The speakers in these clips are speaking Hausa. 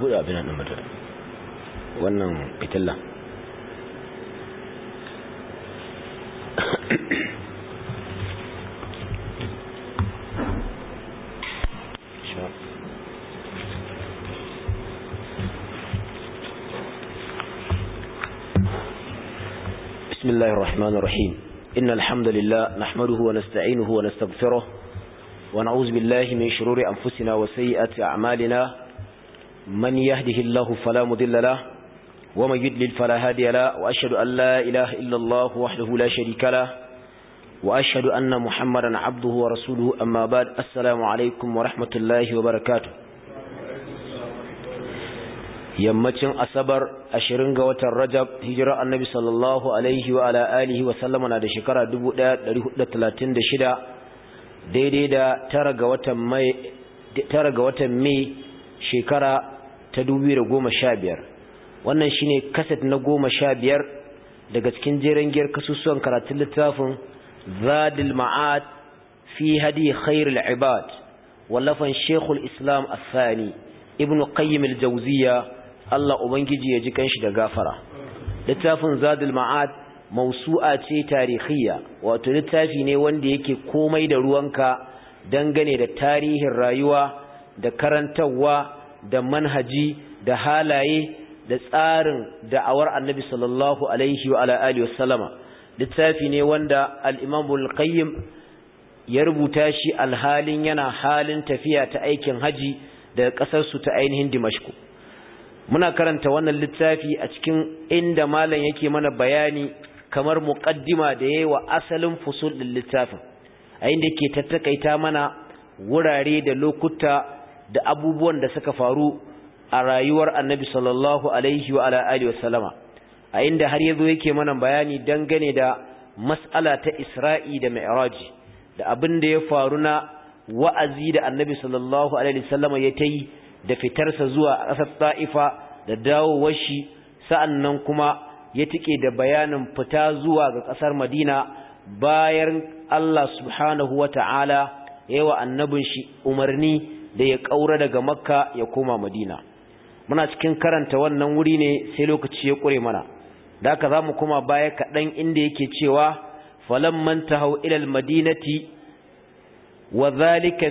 buɗe abin nan mutum wannan fitilla بسم الله الرحمن الرحيم إن الحمد لله نحمده ونستعينه ونستغفره ونعوذ بالله من شرور أنفسنا وسيئة أعمالنا من يهده الله فلا مضل له ومن يدلل فلا هادي له وأشهد أن لا إله إلا الله وحده لا شريك له وأشهد أن محمدا عبده ورسوله أما بعد السلام عليكم ورحمة الله وبركاته yammacin asabar ashirin ga watan rajab hijira annabi sallallahu alaihi wa ala alihi wa sallama na da shekara 1436 daidai da tara ga watan mai shekara ta 2015 wannan shine kaset na 15 daga cikin jeren giyar kasusuwan karatun littafin Zadil Ma'ad fi hadi khairul ibad wallafan Sheikhul Islam asani Ibn Qayyim al-Jawziyya Allah ubangiji ya ji kanshi da gafara littafin Zadil Ma'ad mausu'a ce tarihiyya wato littafi ne wanda yake komai da ruwanka dangane da tarihin rayuwa da karantarwa da manhaji da halaye da tsarin da'awar annabi sallallahu alaihi wa alihi wasallama littafi ne wanda al-imam ya rubuta shi alhalin yana halin tafiya ta aikin haji daga ƙasarsu ta ainihin dimashku muna karanta wannan littafi a cikin inda malam yake mana bayani kamar muqaddima da yayi wa asalin fusul ɗin littafin a inda yake tattakaita mana wurare da lokuta da abubuwan da suka faru a rayuwar annabi sallallahu alaihi wa ala alihi wasallama a inda har yazo yake mana bayani dangane da mas'ala ta Isra'i da Mi'raj da abin da ya faru na wa'azi da annabi sallallahu alaihi wasallama ya tayi da fitarsa zuwa ƙasar Ta'ifa da dawowar shi sa'annan kuma ya tike da bayanin fita zuwa ga ƙasar Madina bayan Allah subhanahu wa wata'ala wa annabin shi umarni da ya ƙaura daga makka ya koma madina muna cikin karanta wannan wuri ne sai lokaci ya ƙure mana da haka za mu koma baya kaɗan inda yake cewa manta hau ilal madinati wa zalika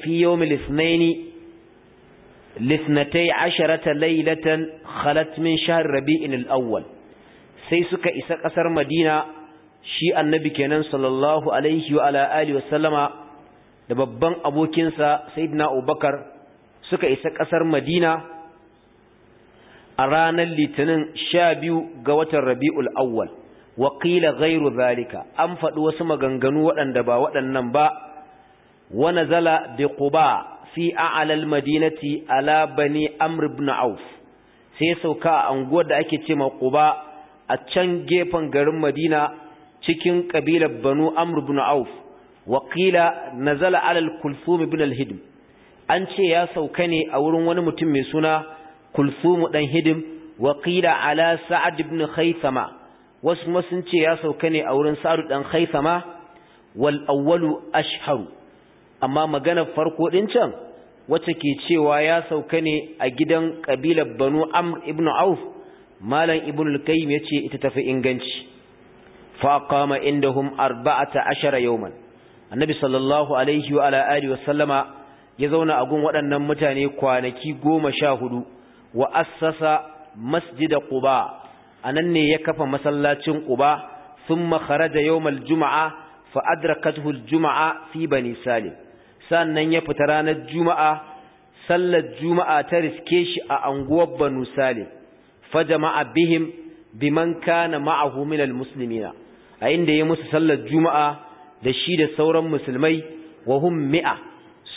fi yawmi lisnaini lisnatai asharata lailatan khalat min shahr rabi'in al-awwal sai suka isa ƙasar madina shi annabi kenan sallallahu alaihi wa ala alihi wa sallama da babban abokinsa sayyidina Abubakar suka isa ƙasar Madina a ranar Litinin 12 ga watan Rabiul Awwal wa qila zalika an faɗi wasu maganganu waɗanda ba waɗannan ba wa nazala bi Quba fi a'la al-madinati ala bani Amr ibn Auf sai sauka a anguwar da ake cewa Quba a can gefen garin Madina cikin kabilar Banu Amr ibn Auf waƙila nazala alal kulfumi ibn al-hidim an ce ya sauka ne a wurin wani mutum mai suna kulthum ɗan hidim waƙila ala sa'ad bin khaythama wasu ma sun ce ya sauka ne a wurin sa'ad ɗan khaythama wal awwalu ashharu amma maganar farko ɗin can wacce ke cewa ya sauka ne a gidan kabilar banu amr ibn auf malam ibn al-qayyim yace ita tafi inganci fa qama indahum arba'ata ashara yawman annabi sallallahu alaihi wa ala alihi wa sallama ya zauna a gun waɗannan mutane kwanaki goma sha hudu wa assasa masjida quba anan ne ya kafa masallacin quba thumma kharaja yawmal juma'a fa adrakathu al-juma'a fi bani salim sannan ya fita ranar juma'a sallar juma'a ta riske shi a anguwar banu salim fa jama'a bihim biman kana ma'ahu min al-muslimina a inda ya musu sallar juma'a da shi da sauran musulmai wa hum mi'a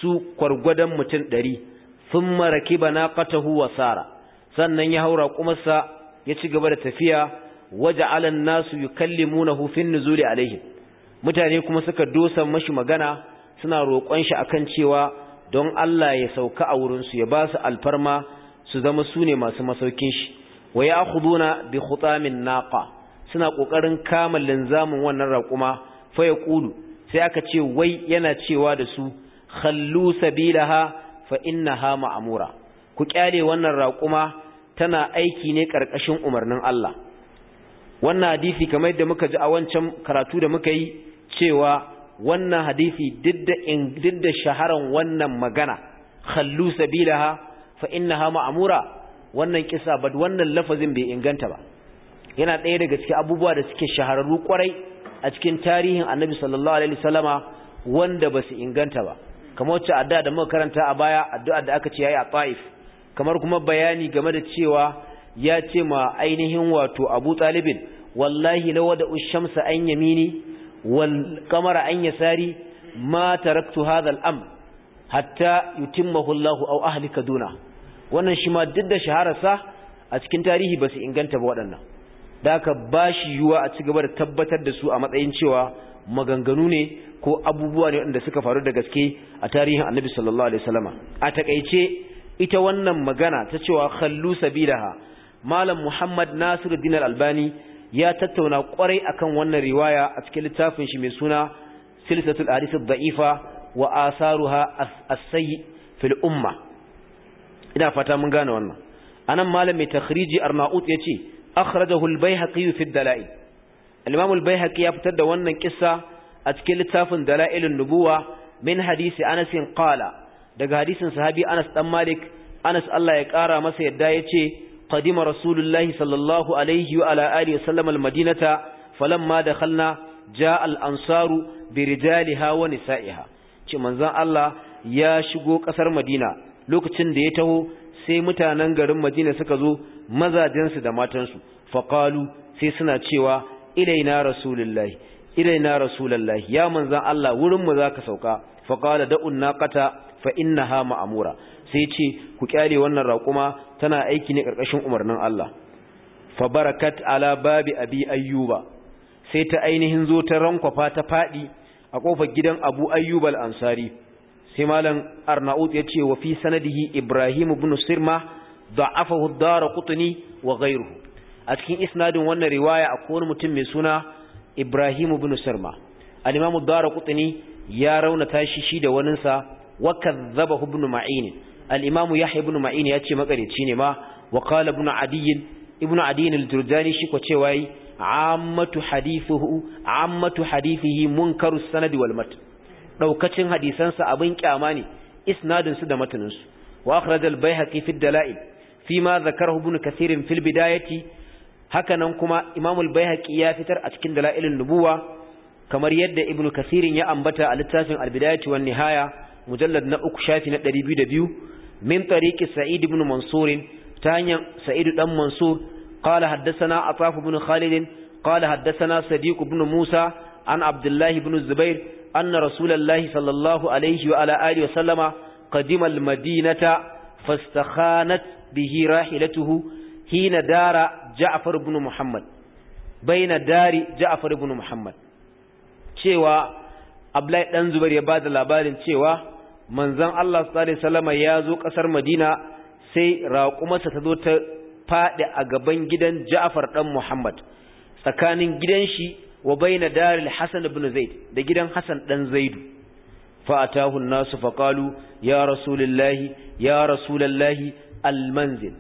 su kwargwadon mutum ɗari sun kiba na katahu wa sara sannan ya haura raƙumarsa ya ci gaba da tafiya waje alan nasu yi kallimu na hufin nuzuli alaihim mutane kuma suka dosa mashi magana suna roƙon shi akan cewa don Allah ya sauka a wurinsu ya ba su alfarma su zama su ne masu masaukin shi wa ya bi khutamin naƙa suna ƙoƙarin kama linzamin wannan raƙuma fa Kulu, sai aka ce wai yana cewa da su khallu sabilaha fa innaha ma'mura ku kyale wannan raƙuma tana aiki ne ƙarƙashin umarnin Allah wannan hadisi kamar yadda muka ji a wancan karatu da muka yi cewa wannan hadisi duk da shaharan wannan magana khallu sabilaha fa innaha ma'mura wannan kisa ba wannan lafazin bai inganta ba yana ɗaya daga cikin abubuwa da suke shahararru kwarai a cikin tarihin annabi sallallahu alaihi wasallama wanda ba su inganta ba kamar wacce addu'a da muka karanta a baya addu'a da aka ce yayi a Taif kamar kuma bayani game da cewa ya ce ma ainihin wato Abu Talibin wallahi law da ushamsa an yamini wal qamara an yasari ma taraktu hadha al am hatta yutimmahu Allah aw ahlika duna wannan shi ma duk da shahararsa a cikin tarihi ba su inganta ba waɗannan da aka ba shi yiwuwa a ci gaba da tabbatar da su a matsayin cewa maganganu ne ko abubuwa ne wanda suka faru da gaske a tarihin annabi sallallahu alaihi a takaice ita wannan magana ta cewa khallu sabilaha malam muhammad nasiruddin al-albani ya tattauna kwarai akan wannan riwaya a cikin littafin shi mai suna silsilatul hadith daifa wa asaruha as-sayyi fil umma ina fata mun gane wannan anan malam mai takhriji arnaut yace akhrajahu al-baihaqi fi ad-dala'il al-imam al-baihaqi ya fitar da wannan kissa a cikin littafin dalailun nubuwa min hadisi Anas qala daga hadisin sahabi Anas ɗan Malik Anas Allah ya ƙara masa yadda ce, qadima rasulullahi sallallahu alaihi wa ala alihi wa sallam al-madinata falamma dakhalna jaa al-ansaru bi rijaliha wa nisa'iha ce manzon Allah ya shigo ƙasar Madina lokacin da ya taho sai mutanen garin madina suka zo mazajensu da matansu Faqalu sai suna cewa ilaina rasulullahi ilaina rasulullahi ya manzan Allah wurinmu za ka sauka faƙala da'un naƙata fa innaha ma'amura sai ce ku kyale wannan raƙuma tana aiki ne ƙarƙashin umarnin Allah fa barakat ala babi abi ayyuba sai ta ainihin zo ta rankwafa ta faɗi a ƙofar gidan abu ayyubal ansari sai arnaud ya ce wa fi sanadihi ibrahim ibn sirma da'afahu ad-darqutni wa ghayruhu a cikin isnadin wannan riwaya akwai wani mutum mai suna ibrahim ibn sirma al-imam ad ya raunata shi shi da wanin sa wa kadzabahu ibn ma'in al-imam yahya ibn ma'in ya ce makareci ne ma wa qala ibn adiy ibn adiy al-jurjani shi ko cewa ammatu hadithuhu ammatu hadithihi munkaru sanad wal daukacin hadisansa abin kyama ne Isnadinsu da matanin su wa fid al bayhaqi fi dalail fi ma zakarahu ibn kathir fil bidayati hakanan kuma imam al ya fitar a cikin dalailin nubuwa kamar yadda ibn kathir ya ambata a littafin al bidayati wan nihaya mujallad na uku shafi na 202 min tariqi sa'id ibn mansur ta hanyar sa'id dan mansur qala haddathana ataf ibn khalid qala haddathana sadiq ibn musa an abdullah ibn zubair anna rasulullahi sallallahu alaihi wa ala wa sallama qadima al-madinata fastakhanat bihi rahilatuhu hina dara Ja'far ibn Muhammad baina dari Ja'far ibn Muhammad cewa Abdullahi ɗan Zubair ya bada labarin cewa manzon Allah sallallahu alaihi wasallama ya zo ƙasar Madina sai raƙumarsa ta zo ta faɗi a gaban gidan ja'afar ɗan Muhammad tsakanin gidan shi wa bayna daril hasan ibn zaid da gidan hasan dan zaidu fa atahu an-nasu fa qalu ya rasulullahi ya rasulullahi al-manzil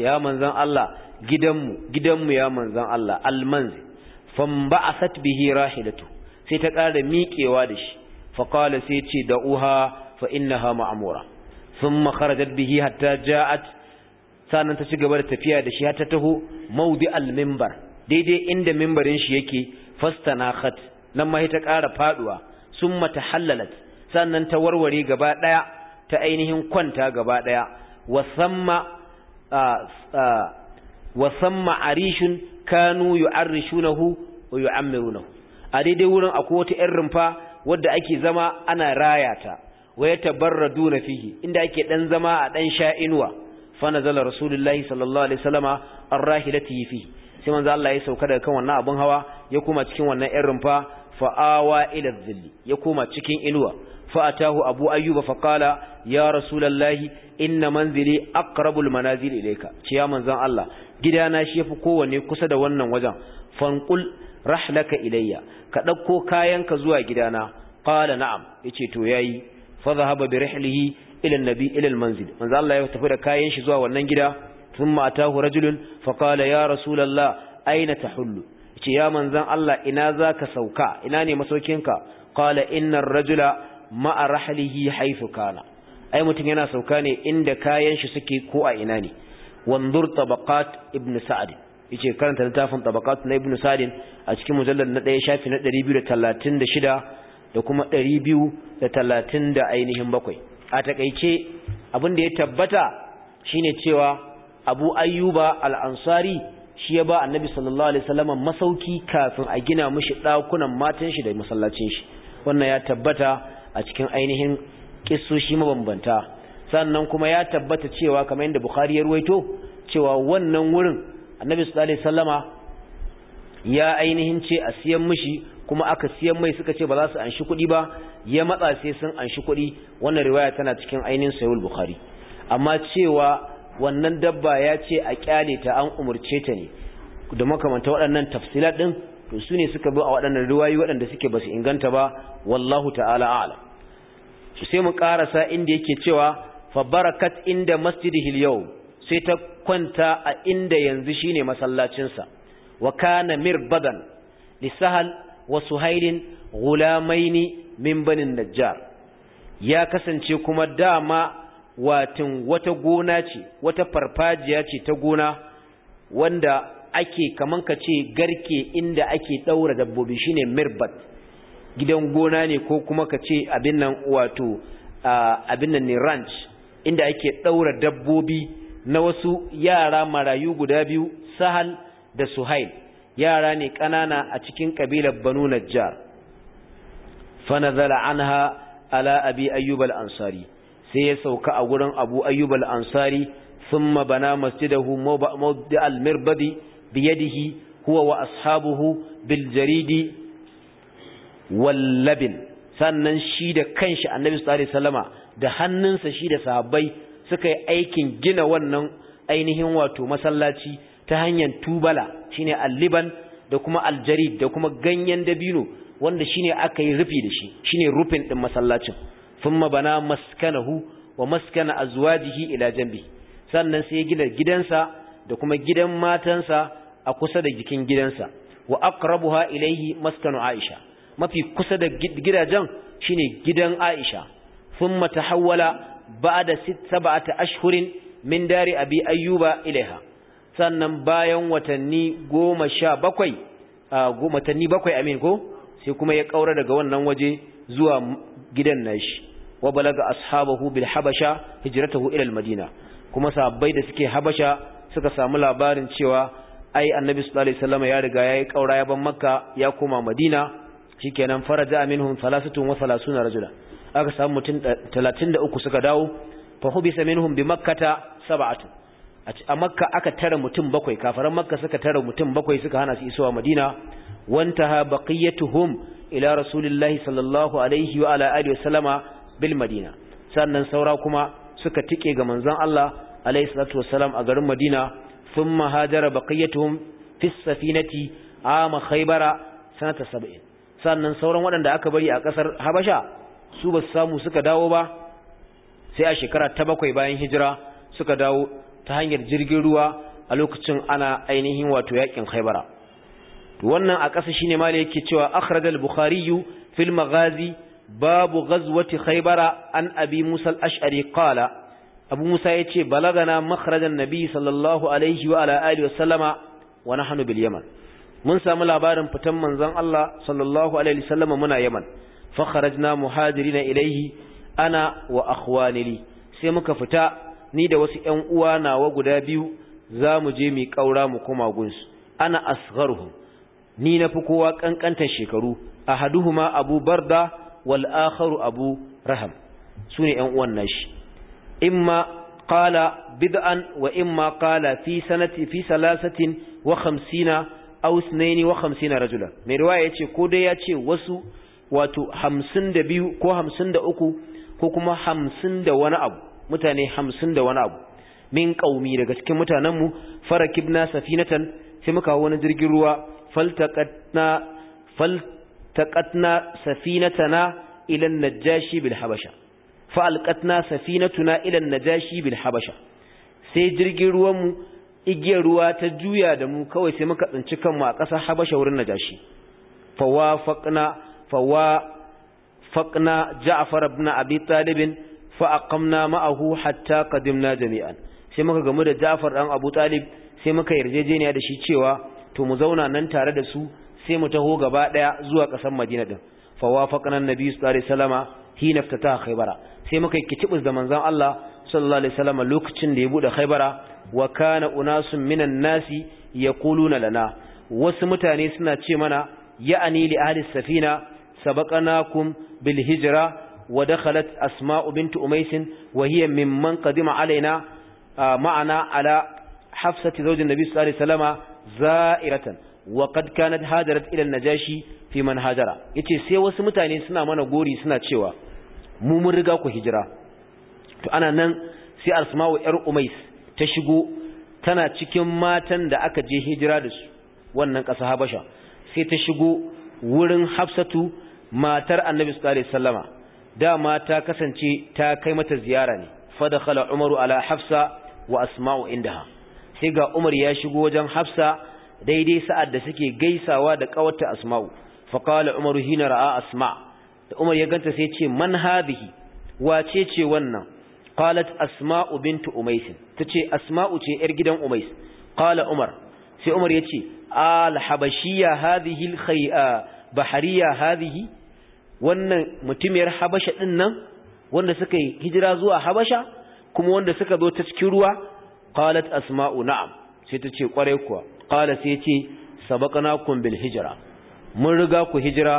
ya manzan Allah gidanmu gidanmu ya manzan Allah al-manzil famba'asat bihi rahilatu sai ta ƙara miƙewa da shi fa qala sai ce uha fa innaha ma'mura thumma kharajat bihi hatta ja'at Sannan ta ci gaba da tafiya da shi hatta taho mawdi al-minbar daidai inda minbarin shi yake fastanakhat nan ma ta ƙara faduwa summa tahallalat sannan ta warware gaba daya ta ainihin kwanta gaba daya wa samma arishun kanu yu'arishunahu wa yu'ammirunahu a daidai wurin akwai wata ƴan rumfa wadda ake zama ana raya ta wa yatabarraduna fihi inda ake dan zama a dan sha'inuwa fa nazala rasulullahi sallallahu alaihi wasallama arrahilatihi fihi sai manzo Allah ya sauka daga kan wannan abun hawa ya koma cikin wannan ƴan rumfa fa awa ila dhilli ya koma cikin inuwa fa'atahu abu ayyuba fa qala ya rasulullahi inna manzili aqrabul manazil ilayka ce ya manzon Allah gidana shi yafi kowanne kusa da wannan wajen fanqul rahlaka ilayya ka dauko kayanka zuwa gidana qala na'am yace to yayi fa dhahaba bi rihlihi ila annabi ila almanzil manzo Allah ya tafi da kayan shi zuwa wannan gida ثم أتاه رجل فقال يا رسول الله أين تحل يا من ذا الله إنا ذاك سوكا إناني مسوكينك قال إن الرجل ما رحله حيث كان أي متنينا سوكاني إند كاين شسكي كوى إناني وانظر طبقات ابن سعد yace karanta littafin tabaqat na ibnu sadin a cikin mujallal na 1 shafi na 236 da kuma 230 da ainihin bakwai a takeice abin da ya tabbata shine cewa abu ayyuba al-ansari shi ya ba annabi sallallahu alaihi wasallam masauki kafin a gina mishi dakunan matan shi da masallacin shi wannan ya tabbata a cikin ainihin kisoshi mabambanta sannan kuma ya tabbata cewa kamar yadda bukhari ya ruwaito cewa wannan wurin annabi sallallahu alaihi wasallama ya ainihin ce a siyan mishi kuma aka siyan mai suka ce ba za su anshi kuɗi ba ya matsa sai sun anshi kuɗi wannan riwaya tana cikin ainihin sahih bukhari amma cewa wannan dabba ya ce a kyale ta an umarce ta ne da makamanta waɗannan tafsilat din to su ne suka bi a waɗannan ruwayi waɗanda suke basu inganta ba wallahu ta'ala a'lam sai mu karasa inda yake cewa fa barakat inda masjidi yau sai ta kwanta a inda yanzu shine masallacinsa wa kana mirbadan li sahal wa suhailin gulamaini min banin najjar ya kasance kuma dama watin wata gona ce wata farfajiya ce ta gona wanda ake kaman ka ce garke inda ake daura dabbobi shine mirbat gidan gona ne ko kuma ka ce abin nan wato abin nan ne ranch inda ake daura dabbobi na wasu yara marayu guda biyu sahal da suhail yara ne kanana a cikin kabilar banu najjar fa nazala anha ala abi ayyub al-ansari sai ya sauka a gurin abu ayyub al’ansari sun mabana bana masjidahu mawdi al-mirbadi biyadihi huwa wa ashabuhu bil jaridi wallabin sannan shi da kanshi annabi sallallahu alaihi da hannunsa shi da sahabbai suka yi aikin gina wannan ainihin wato masallaci ta hanyar tubala shine alliban da kuma aljarid da kuma ganyen dabino wanda shine aka yi rufi da shi shine rufin din masallacin thumma bana maskanahu wa maskana jiki ilajan janbi sannan sai ya gina gidansa da kuma gidan matansa a kusa da jikin gidansa wa aqrabuha ilayhi maskan aisha mafi kusa da gidajen shine gidan aisha thumma tahawwala ba'da 7 ashhurin min dari abi ayyuba ilaiha sannan bayan watanni 17 watanni bakwai amin ko sai kuma ya kaura daga wannan waje zuwa gidan nashi wa balaga ashabahu bil habasha hijratuhu ila al madina kuma sahabbai da suke habasha suka samu labarin cewa ai annabi sallallahu alaihi wasallam ya riga yayi kaura ya ban makka ya koma madina shikenan faraja minhum 33 rajula aka samu mutum 33 suka dawo fa hubisa minhum bi makkata sab'atu a makka aka tara mutum bakwai kafaran makka suka tara mutum bakwai suka hana su isowa madina wantaha baqiyatuhum ila rasulillahi sallallahu alaihi wa ala alihi wasallama bil sannan saura kuma suka tike ga manzon Allah alaihi salatu wasallam a garin Madina thumma hajara baqiyatuhum fi safinati ama khaybara sanata 70 sannan sauran waɗanda aka bari a ƙasar Habasha su basu samu suka dawo ba sai a shekara ta bakwai bayan hijira suka dawo ta hanyar jirgin ruwa a lokacin ana ainihin wato yakin Khaybara wannan a ƙasa shine mala yake cewa akhraj al-bukhari fil maghazi babu ghazwati khaybara an abi musa al-ash'ari qala abu musa yace balagana makhrajan nabi sallallahu alaihi wa ala alihi wa sallama wa nahnu bil yaman mun samu labarin fitan manzon Allah sallallahu alaihi wa sallama muna yaman fa kharajna muhajirina ilaihi ana wa akhwani sai muka fita ni da wasu ƴan uwa nawa guda biyu za mu je mu kaura mu koma gunsu ana asgharuhum ni na fi kowa ƙanƙantar shekaru a haduhuma abu barda wal'akharu abu raham su ne ‘yan uwan nashi imma qala bid'an wa in ma ƙala fi salasatin wa hamsina khamsina na yini wa hamsina rajula mai ya ce ko dai ya ce wasu wato hamsin da biyu ko hamsin da uku ko kuma hamsin da wani abu mutane hamsin da wani abu min ƙaumi daga cikin mutanenmu fara farakibna safinatan sai muka wani jirgin ruwa faltaqatna faltaqatna na ila najashi bil habasha falqatna bil habasha sai jirgin ruwan mu igiyar ruwa ta juya da mu kawai sai muka tsinci kanmu a ƙasar habasha wurin najashi fawafaqna fawafaqna ja'far ibn abi talib fa aqamna ma'ahu hatta qadimna jami'an sai muka gamu da ja'far ɗan abu talib sai muka yarjejeniya da shi cewa to mu zauna nan tare da su sai mu taho gaba daya zuwa kasan Madina din fa wafaqana annabi sallallahu alaihi wasallama hina ftataha khaybara sai muka kitibus da manzon Allah sallallahu alaihi wasallama lokacin da ya bude khaybara wa kana unasun minan nasi yaquluna lana wasu mutane suna ce mana ya'ani li ahli safina sabaqanakum bil hijra wa dakhalat asma'u bint umays wa hiya mimman qadima alaina ma'ana ala hafsati zawjin nabi sallallahu alaihi wasallama za'iratan wa qad kanat hadarat ila najashi fi man hajara yace sai wasu mutane suna mana gori suna cewa mu mun riga ku hijira to ana nan sai asma'u yar umais ta shigo tana cikin matan da aka je hijira da su wannan ƙasa habasha sai ta shigo wurin hafsatu matar annabi sallallahu alaihi wasallama dama ta kasance ta kai mata ziyara ne fadakhala umaru ala hafsa wa asma'u indaha sai ga Umar ya shigo wajen Hafsa daidai sa'ad da suke gaisawa da ƙawarta Asma'u fa qala Umaru hina ra'a Asma da Umar ya ganta sai ce man hadhihi wace ce wannan qalat Asma'u bintu Ta tace Asma'u ce yar gidan Umais qala Umar sai Umar ya ce al habashiyya hadhihi al khay'a bahariya hadhihi wannan mutumiyar Habasha din nan wanda suka yi hijira zuwa Habasha kuma wanda suka zo ta cikin ruwa qalat asma'u na'am sai ta ce kware kuwa qala sai ce sabaqnakum bil hijra mun riga ku hijira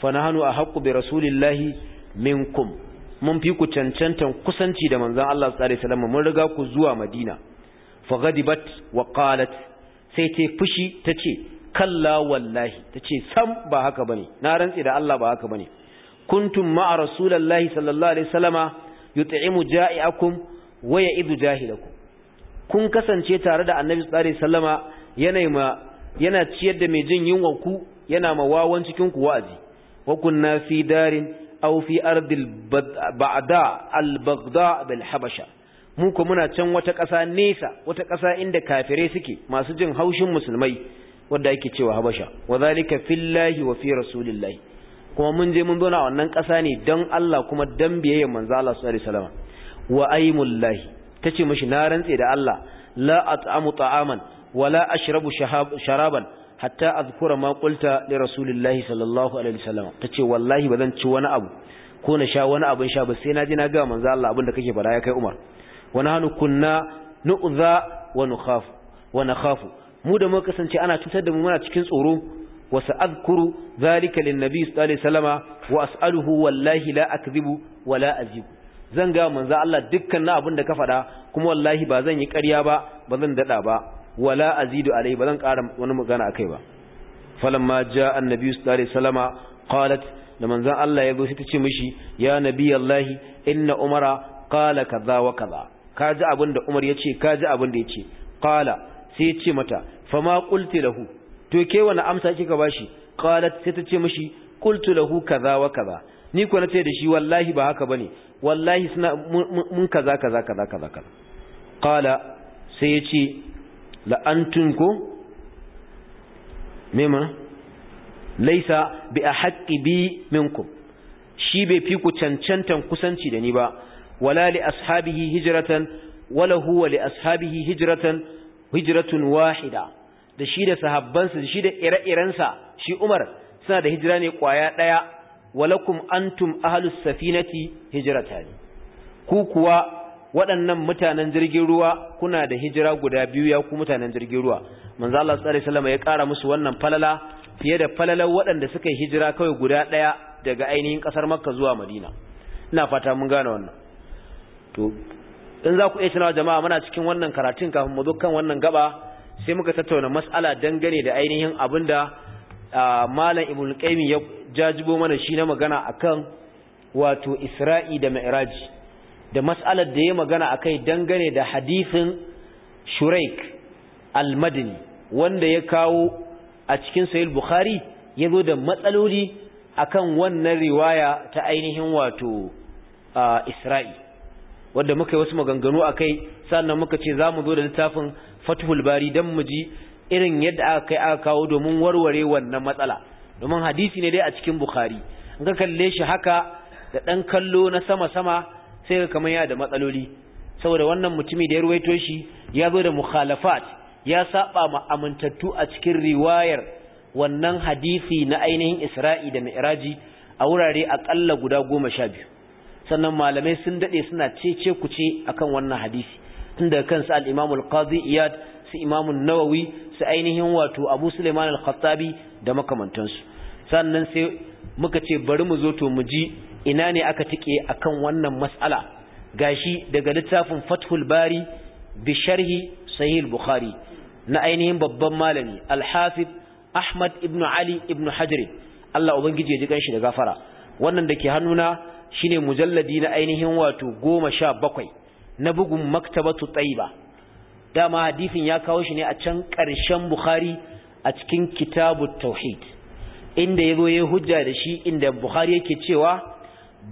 fa nahnu ahqqu bi rasulillahi minkum mun fi ku cancantan kusanci da manzon Allah sallallahu alaihi wasallam mun riga ku zuwa Madina fa gadibat wa qalat sai ta fushi tace kalla wallahi tace sam ba haka bane na rantsi da Allah ba haka bane kuntum ma'a rasulillahi sallallahu alaihi wasallama yut'imu ja'iakum wa ya'idu jahilakum kun kasance tare da annabi tsari alaihi yana ciyar da mai jin yunwa ku yana ma wawan cikin ku wa'azi wa kunna fi darin aw fi ardil ba'da al bagda bil habasha mu ko muna can wata ƙasa nesa wata ƙasa inda kafirai suke masu jin haushin musulmai wanda yake cewa habasha wa zalika fillahi wa fi rasulillahi kuma mun je mun zauna a wannan ƙasa ne don Allah kuma dan biyayya manzo Allah sallallahu alaihi wasallam wa aimullahi tace mashi na rantse da Allah la at'amu ta'aman wala ashrabu sharaban hatta azkura ma qulta li rasulillahi sallallahu alaihi wasallam ce wallahi bazan ci wani abu ko na sha wani abin sha ba sai na ji na ga manzo Allah abin da kake fara ya kai Umar wa nahnu kunna nu'za wa nukhaf wa nakhafu mu da muka kasance ana cutar da mu muna cikin tsoro wa sa'adhkuru zalika lin nabi sallallahu alaihi wasallama wa as'aluhu wallahi la akdhibu wa la azibu zan ga manzo Allah dukkan abin da ka faɗa kuma wallahi ba zan yi ƙarya ba ba zan daɗa ba wala azidu alai ba zan ƙara wani magana akai ba falamma ja annabi sallallahu alaihi wasallama qalat da manzon Allah ya zo sai ta ce mishi ya nabi Allah inna umara qala kaza wa kaza ji abin da Umar yace ji abin da ce qala sai ya ce mata fama qulti lahu to ke wani amsa kika bashi qalat sai ta ce mishi qultu lahu kaza wa kaza ni ko ce da shi wallahi ba haka bane wallahi suna mun kaza kaza kaza kaza kaza sai ya ce antum ko laisa bi haƙƙi bi minkum shi bai fi ku cancantan kusanci da ni ba wala li ashabihi hijratan wala huwa li ashabihi hijratan hijratun wahida da shi da sahabbansa da shi da ire-irensa shi Umar suna da hijira ne kwaya ɗaya. walakum antum ahlus safinati hijratan ku kuwa waɗannan mutanen jirgin ruwa kuna da hijira guda biyu ya ku mutanen jirgin ruwa manzo Allah sallallahu alaihi ya ƙara musu wannan falala fiye da falalar waɗanda suka yi hijira kawai guda ɗaya daga ainihin ƙasar Makka zuwa Madina ina fata mun gane wannan to in za ku iya tunawa jama'a muna cikin wannan karatun kafin mu zo kan wannan gaba sai muka tattauna mas'ala dangane da ainihin abinda malam ibn qaymi ya jajibo mana shi na magana akan wato isra'i da mi'raj da mas'alar da ya magana akai dangane da hadisin shuraik al madani wanda ya kawo a cikin sahih bukhari yazo da matsaloli akan wannan riwaya ta ainihin wato isra'i wanda muka yi wasu maganganu akai sannan muka ce zamu zo da littafin fathul bari dan mu ji irin yadda aka kai aka kawo domin warware wannan matsala domin hadisi ne dai a cikin bukhari in ka kalle shi haka da ɗan kallo na sama-sama sai ka kamar yana da matsaloli saboda wannan mutumi da ya ruwaito shi ya zo da mukhalafat ya saba ma amintattu a cikin riwayar wannan hadisi na ainihin isra'i da mi'raji a wurare akalla guda goma sha biyu sannan malamai sun daɗe suna cece kuce akan wannan hadisi tun daga kansa al-imamul qadi iyad su imamun nawawi su ainihin wato abu suleiman al-khattabi da makamantansu sannan sai muka ce bari mu zo to mu ji ina ne aka tike akan wannan mas'ala gashi daga littafin fathul bari bi sharhi sahih bukhari na ainihin babban malami al-hafiz ahmad ibn ali ibn hajr Allah ubangiji ya ji kanshi da gafara wannan dake hannuna shine mujalladi na ainihin wato 17 na bugun maktabatu tayyiba dama hadisin ya kawo shi ne a can ƙarshen bukhari a cikin kitabu tauhid inda ya zo ya hujja da shi inda bukhari yake cewa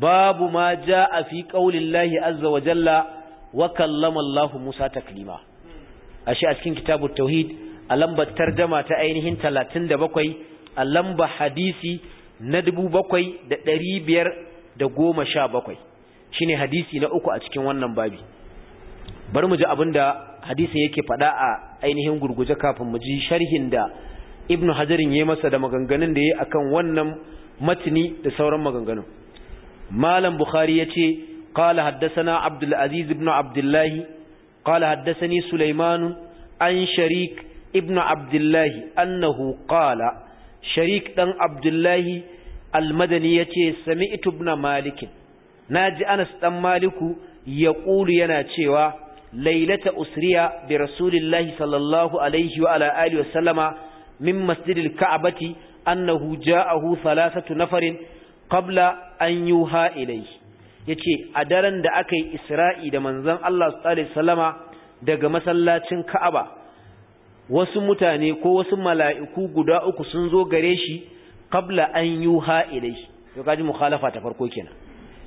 babu ma ja a fi ƙaulillahi azza wa jalla wa kallama allahu musa taklima a shi a cikin kitabu tauhid a lambar tarjama ta ainihin talatin da bakwai a lamba hadisi na dubu bakwai da biyar da goma sha bakwai shine hadisi na uku a cikin wannan babi bar mu ji abin da hadisi yake faɗa a ainihin gurguje kafin mu ji sharhin da Ibn hajarin ya masa da maganganun da ya akan wannan matni da sauran maganganun malam bukhari yace ce qala haddathana abdul aziz ibn abdullah qala haddathani sulaiman an sharik ibn abdullah annahu qala sharik dan abdullah al-madani yace sami'tu ibn malik naji anas dan maliku yaqulu yana cewa lailata usriya bi rasulillahi sallallahu alaihi wa ala alihi wa sallama min masjidil ka'bati annahu ja'ahu thalathatu nafarin qabla an yuha yace a daren da aka yi isra'i da manzon Allah sallallahu alaihi wasallama daga masallacin Ka'aba wasu mutane ko wasu mala'iku guda uku sun zo gare shi qabla an yuha ilai. to kaji mukhalafa ta farko kenan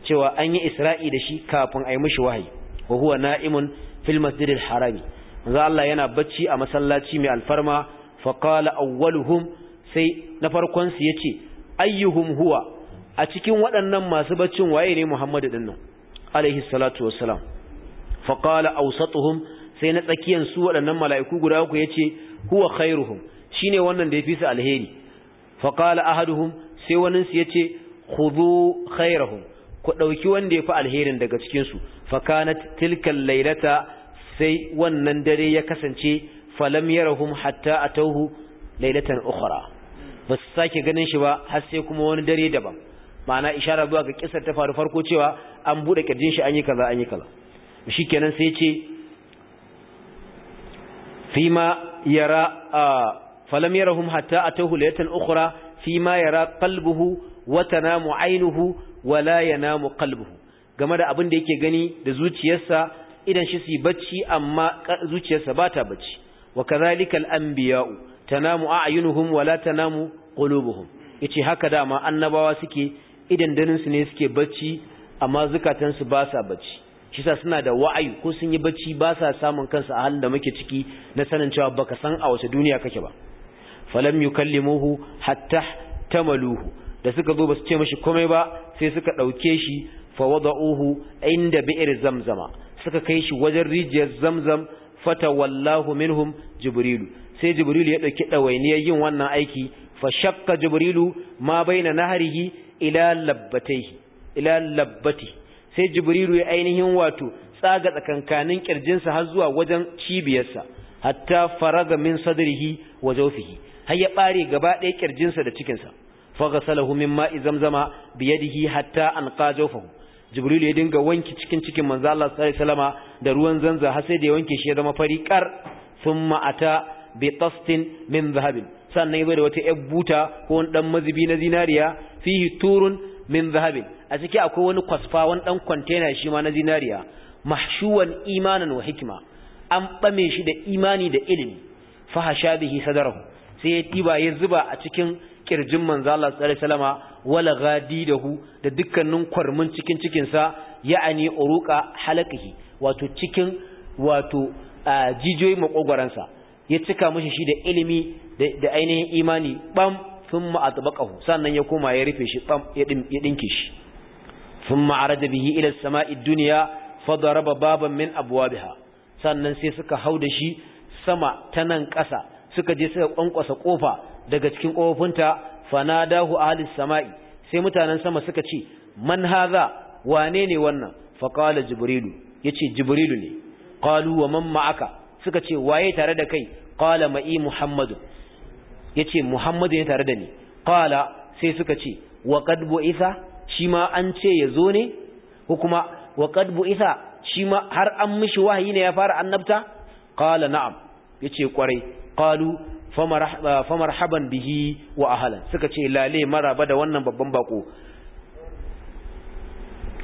cewa an yi isra'i da shi kafin a yi mishi wahayi wa huwa na'imun fil masjidil harami manzo Allah yana bacci a masallaci mai alfarma fa qala awwaluhum sai na farkon su yace ayyuhum huwa a cikin waɗannan masu baccin waye ne Muhammadu dinnan alaihi salatu wassalam fa qala awsatuhum sai na tsakiyan su waɗannan mala'iku guda uku yace huwa khairuhum shine wannan da yafi su alheri fa qala ahaduhum sai wani su yace khudhu khairahum ku ɗauki wanda ya fi alherin daga cikinsu fakanat tilkan lailata sai wannan dare ya kasance falam yarahum hatta atauhu lailatan ukhra ba su sake ganin shi ba har sai kuma wani dare daban ma'ana isharar zuwa ga kisar ta faru farko cewa an buɗe kirjin shi an yi kaza an yi kaza shikenan sai ce fima yara falam yarahum hatta atauhu lailatan ukhra fima yara qalbuhu wa tanamu wala yanamu qalbuhu game da abin da yake gani da zuciyarsa idan shi su bacci amma zuciyarsa ba ta bacci wa kadhalika al-anbiya'u tanamu a'yunuhum wala tanamu qulubuhum yace haka dama annabawa suke idan daninsu ne suke bacci amma zukatansu ba sa bacci shi sa suna da wa'ayi ko sun yi bacci ba sa samun kansu a halin da muke ciki na sanin cewa baka san a wace duniya kake ba falam yukallimuhu hatta tamaluhu da suka zo ba su ce mashi komai ba sai suka ɗauke shi fa uhu inda bi'ir zamzama suka kai shi wajen rijiyar zamzam fata wallahu minhum jibrilu sai jibrilu ya ɗauki ɗawainiyar yin wannan aiki fa shakka jibrilu ma baina naharihi ila labbataihi ila labbati sai jibrilu ya ainihin wato tsaga tsakankanin kirjinsa har zuwa wajen cibiyarsa hatta faraga min sadrihi wa jawfihi har ya bare gaba ɗaya kirjinsa da cikinsa fagasalahu min ma'i zamzama biyadihi hatta an jawfahu jibril ya dinga wanki cikin cikin manzo Allah sallallahu alaihi wasallama da ruwan zanza har sai da ya wanke shi ya zama fari kar thumma ata bi tastin min zahabin sannan ya zo da wata yar buta ko wani dan mazubi na zinariya fihi turun min zahabin a ciki akwai wani kwasfa wani dan container shi ma na zinariya mahshuwan imanan wa hikma an bame shi da imani da ilimi fahasha bihi sadarahu sai ya tiba ya zuba a cikin kirjin manzala Allah sallallahu wala gadi da hu, da dukkanin kwarmin cikin cikin sa ya'ani uruqa halaqihi wato cikin wato jijiyoyin makogwaransa ya cika mishi shi da ilimi da ainihin imani bam thumma atbaqahu sannan ya koma ya rufe shi bam ya dinke shi ma'ara da bihi ila samai duniya dunya fadaraba baban min biha, sannan sai suka hau da shi sama ta nan ƙasa suka je suka ƙwanƙwasa ƙofa. daga cikin kofinta fanadahu ahli samai sai mutanen sama suka ce man hadha wane ne wannan fa qala jibrilu yace jibrilu ne qalu wa man ma'aka suka ce waye tare da kai qala ma'i muhammadu yace muhammadu ne tare da ni qala sai suka ce wa qad bu'itha shi ma an ce yazo ne ko kuma wa qad bu'itha shi ma har an mishi wahayi ne ya fara annabta qala na'am yace kwarai qalu Eh, famarhaban bihi wa ahalan suka ce lale maraba da wannan babban bako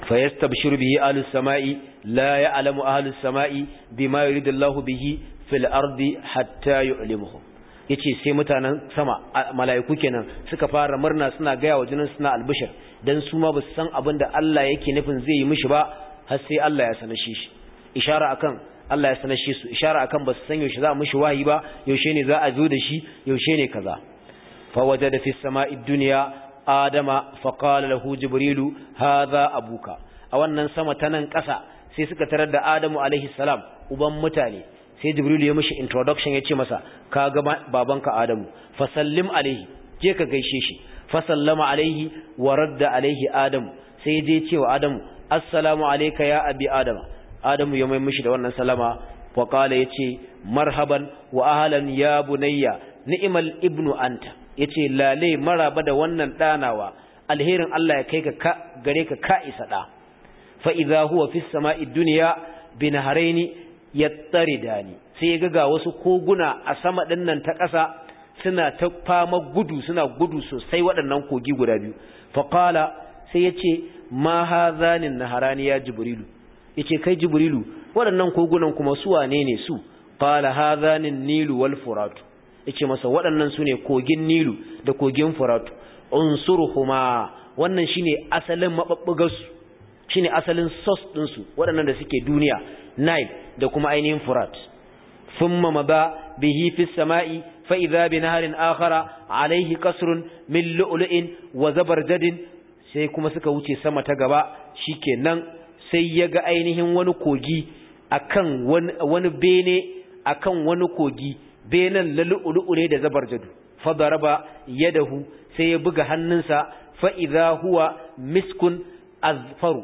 fayastabshiru bihi ahlus samai la ya'lamu ahlus samai bima yuridu Allahu bihi fil ardi hatta yu'limuhum yace sai mutanen sama mala'iku kenan suka fara murna suna gaya wa junan suna albishir dan su ma basu san abin da Allah yake nufin zai yi mishi ba har sai Allah ya sanar shi ishara akan Allah ya sanar shi su ishara akan ba su san yaushe za a mishi wahi ba yaushe ne za a zo da shi yaushe ne kaza fa wajada fi sama'i dunya adama fa qala lahu jibrilu hadha abuka a wannan sama ta nan ƙasa sai suka tarar da adamu alaihi salam uban mutane sai jibrilu ya mishi introduction ya ce masa ka ga babanka adamu fa sallim alaihi je ka gaishe shi fa sallama alaihi wa radda alaihi adamu sai je cewa adamu assalamu alayka ya abi adama adamu ya mai mishi da wannan salama wa ya ce, marhaban wa ahalan ya bunayya ni'mal ibnu anta ce, lale maraba da wannan ɗanawa, alherin Allah ya kai ka gare ka ka isa ɗa fa idza huwa fis ya dunya da ni, sai ga ga wasu koguna a sama nan ta ƙasa suna ta fama gudu suna gudu sosai waɗannan kogi guda biyu Faƙala sai ya ce, ma na harani ya jibrilu yace kai jibrilu waɗannan kogunan kuma su wane ne su qala hadhanin nilu wal furat yace masa waɗannan sune kogin nilu da kogin furat unsuruhuma wannan shine asalin mababbugar su shine asalin source din su waɗannan da suke duniya nile da kuma ainihin furat thumma mada bihi fis sama'i fa idha bi naharin akhara alayhi qasrun min lu'lu'in wa zabarjadin sai kuma suka wuce sama ta gaba shikenan sai ya ga ainihin wani kogi a kan wani bene a kan wani kogi benen lalu'ulu'u ne da zabar zabarjadu fadaraba yadahu sai ya buga hannunsa fa’iza huwa miskun azfaru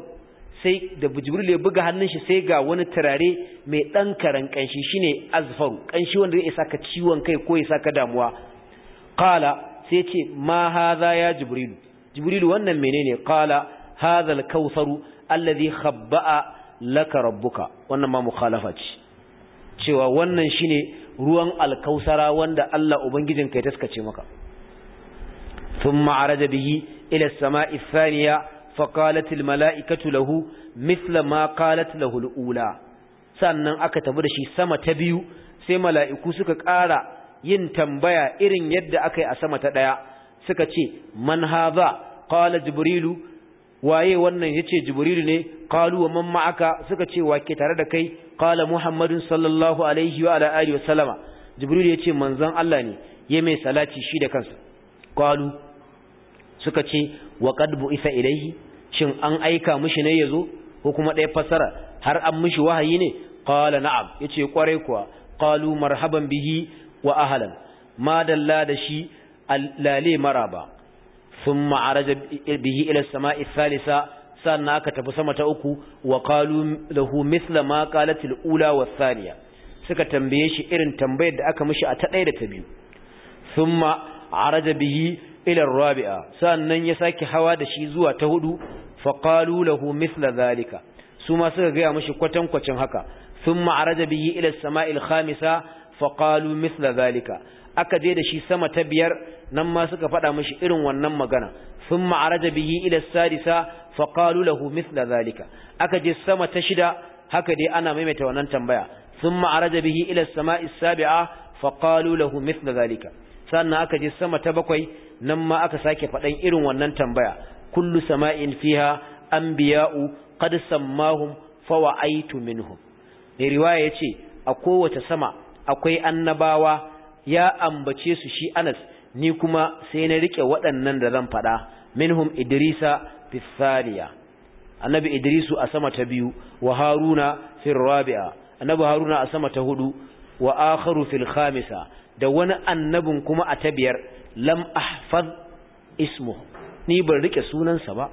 sai da jibril ya buga hannun shi sai ga wani turare mai ɗan karan shi ne azfaru Ƙanshi wanda ya saka ciwon kai ko ya saka damuwa Ƙala sai ce ma haza ya Jibrilu. Jibrilu wannan menene ƙala, hazal al-kausaru allazi khabba'a laka rabbuka wannan ma mukhalafa ce cewa wannan shine ruwan alkausara wanda Allah ubangijin kai taskace maka thumma araja bihi ila as-sama'i ath fa faqalat al-mala'ikatu lahu mithla ma qalat lahu al-ula sannan aka tafi da shi sama ta biyu sai mala'iku suka ƙara yin tambaya irin yadda aka yi a sama ta ɗaya suka ce man haza qala jibrilu waye wannan yace jibril ne qalu wa man ma'aka suka ce wa ke tare da kai qala muhammadun sallallahu alaihi wa ala alihi wa sallama jibril yace manzon Allah ne ya mai salati shi da kansa qalu suka ce wa qad bu'isa ilaihi shin an aika mishi ne yazo ko kuma ɗaya fasara har an mishi wahayi ne qala na'am yace kwarai kuwa qalu marhaban bihi wa ahlan ma dalla da shi lale maraba sun ma'araja bihi ila sama'i salisa sannan aka tafi sama ta uku wa qalu lahu mithla ma qalatil ula wa thaniya suka tambaye shi irin tambayar da aka mishi a ta ɗaya da ta biyu thumma araja bihi ila rabi'a sannan ya sake hawa da shi zuwa ta hudu fa qalu lahu mithla zalika su ma suka ga mishi kwatan kwacin haka thumma araja bihi ila sama'il khamisa fa qalu mithla zalika aka je da shi sama ta biyar nan ma suka faɗa mishi irin wannan magana sun ma'araja bihi ila sadisa qalu lahu mithla zalika aka je sama ta shida haka dai ana maimaita wannan tambaya sun ma'araja bihi ila sama'is sabi'a qalu lahu mithla zalika sannan aka je sama ta bakwai nan ma aka sake faɗan irin wannan tambaya kullu sama'in fiha anbiya'u qad sammahum fa wa'aytu minhum ne riwaya yace a kowace sama akwai annabawa ya ambace su shi Anas ni kuma sai na rike waɗannan da zan faɗa minhum idrisa fi annabi idrisu a sama ta biyu wa haruna fi rabi'a annabi haruna a sama ta hudu wa akharu fil khamisa da wani annabin kuma a ta biyar lam ahfaz ismu ni ban rike sunansa ba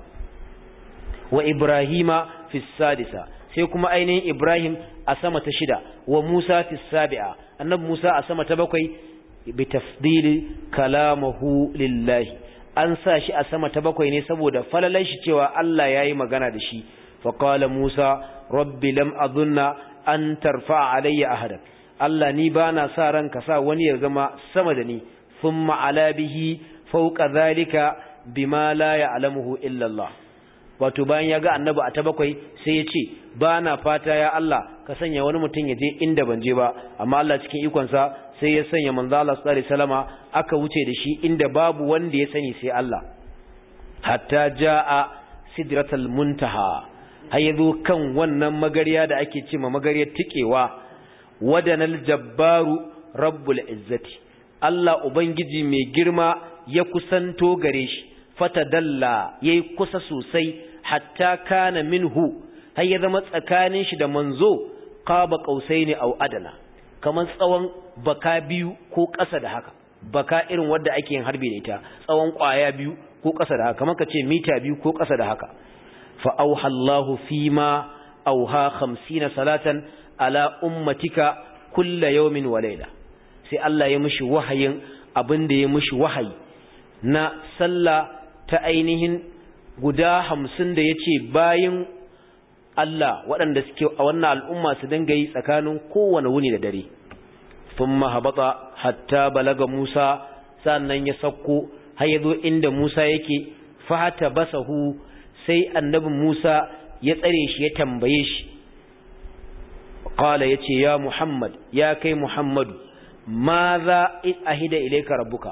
wa ibrahima fi sai kuma ainihin ibrahim a sama ta shida wa musa Fisabi'a. annabi Musa a sama ta bakwai bi tafdili kalamahu lillahi an sa shi a sama ta bakwai ne saboda falalan shi cewa Allah yayi magana da shi fa qala Musa rabbi lam adunna an tarfa alayya ahada Allah ni bana sa ranka sa wani ya zama sama da ni thumma ala bihi fawqa zalika bima la ya'lamuhu illa Allah wato bayan ya ga annabi a ta bakwai sai ya ce ba na fata ya Allah ka sanya wani mutum ya je inda ban je ba amma Allah cikin ikonsa sai ya sanya manzo Allah sallallahu alaihi wasallama aka wuce da shi inda babu wanda ya sani sai Allah hatta jaa sidratul muntaha har yazo kan wannan magariya da ake ce ma magariyar tikewa wadanal jabbaru rabbul izzati Allah ubangiji mai girma ya kusanto gare shi fatadalla yayi kusa sosai hatta kana minhu har ya zama tsakanin shi da manzo qaba ne au adala kamar tsawon baka biyu ko ƙasa da haka baka irin wadda ake yin harbi da ita tsawon ƙwaya biyu ko ƙasa da haka kamar ka ce mita biyu ko ƙasa da haka fa auha Allahu ma auha 50 salatan ala ummatika kulla yawmin wa layla sai Allah ya mishi wahayin abin da ya mishi wahayi na sallah ta ainihin guda 50 da yace bayin Allah waɗanda suke a wannan al'umma su dinga yi tsakanin kowane wuni da dare sun mahabata hatta balaga Musa sannan ya sauko, har ya zo inda Musa yake fata basahu sai annabi Musa ya tsare shi ya tambaye shi ya yace ya Muhammad ya kai Muhammadu ma za a ka ilayka ka.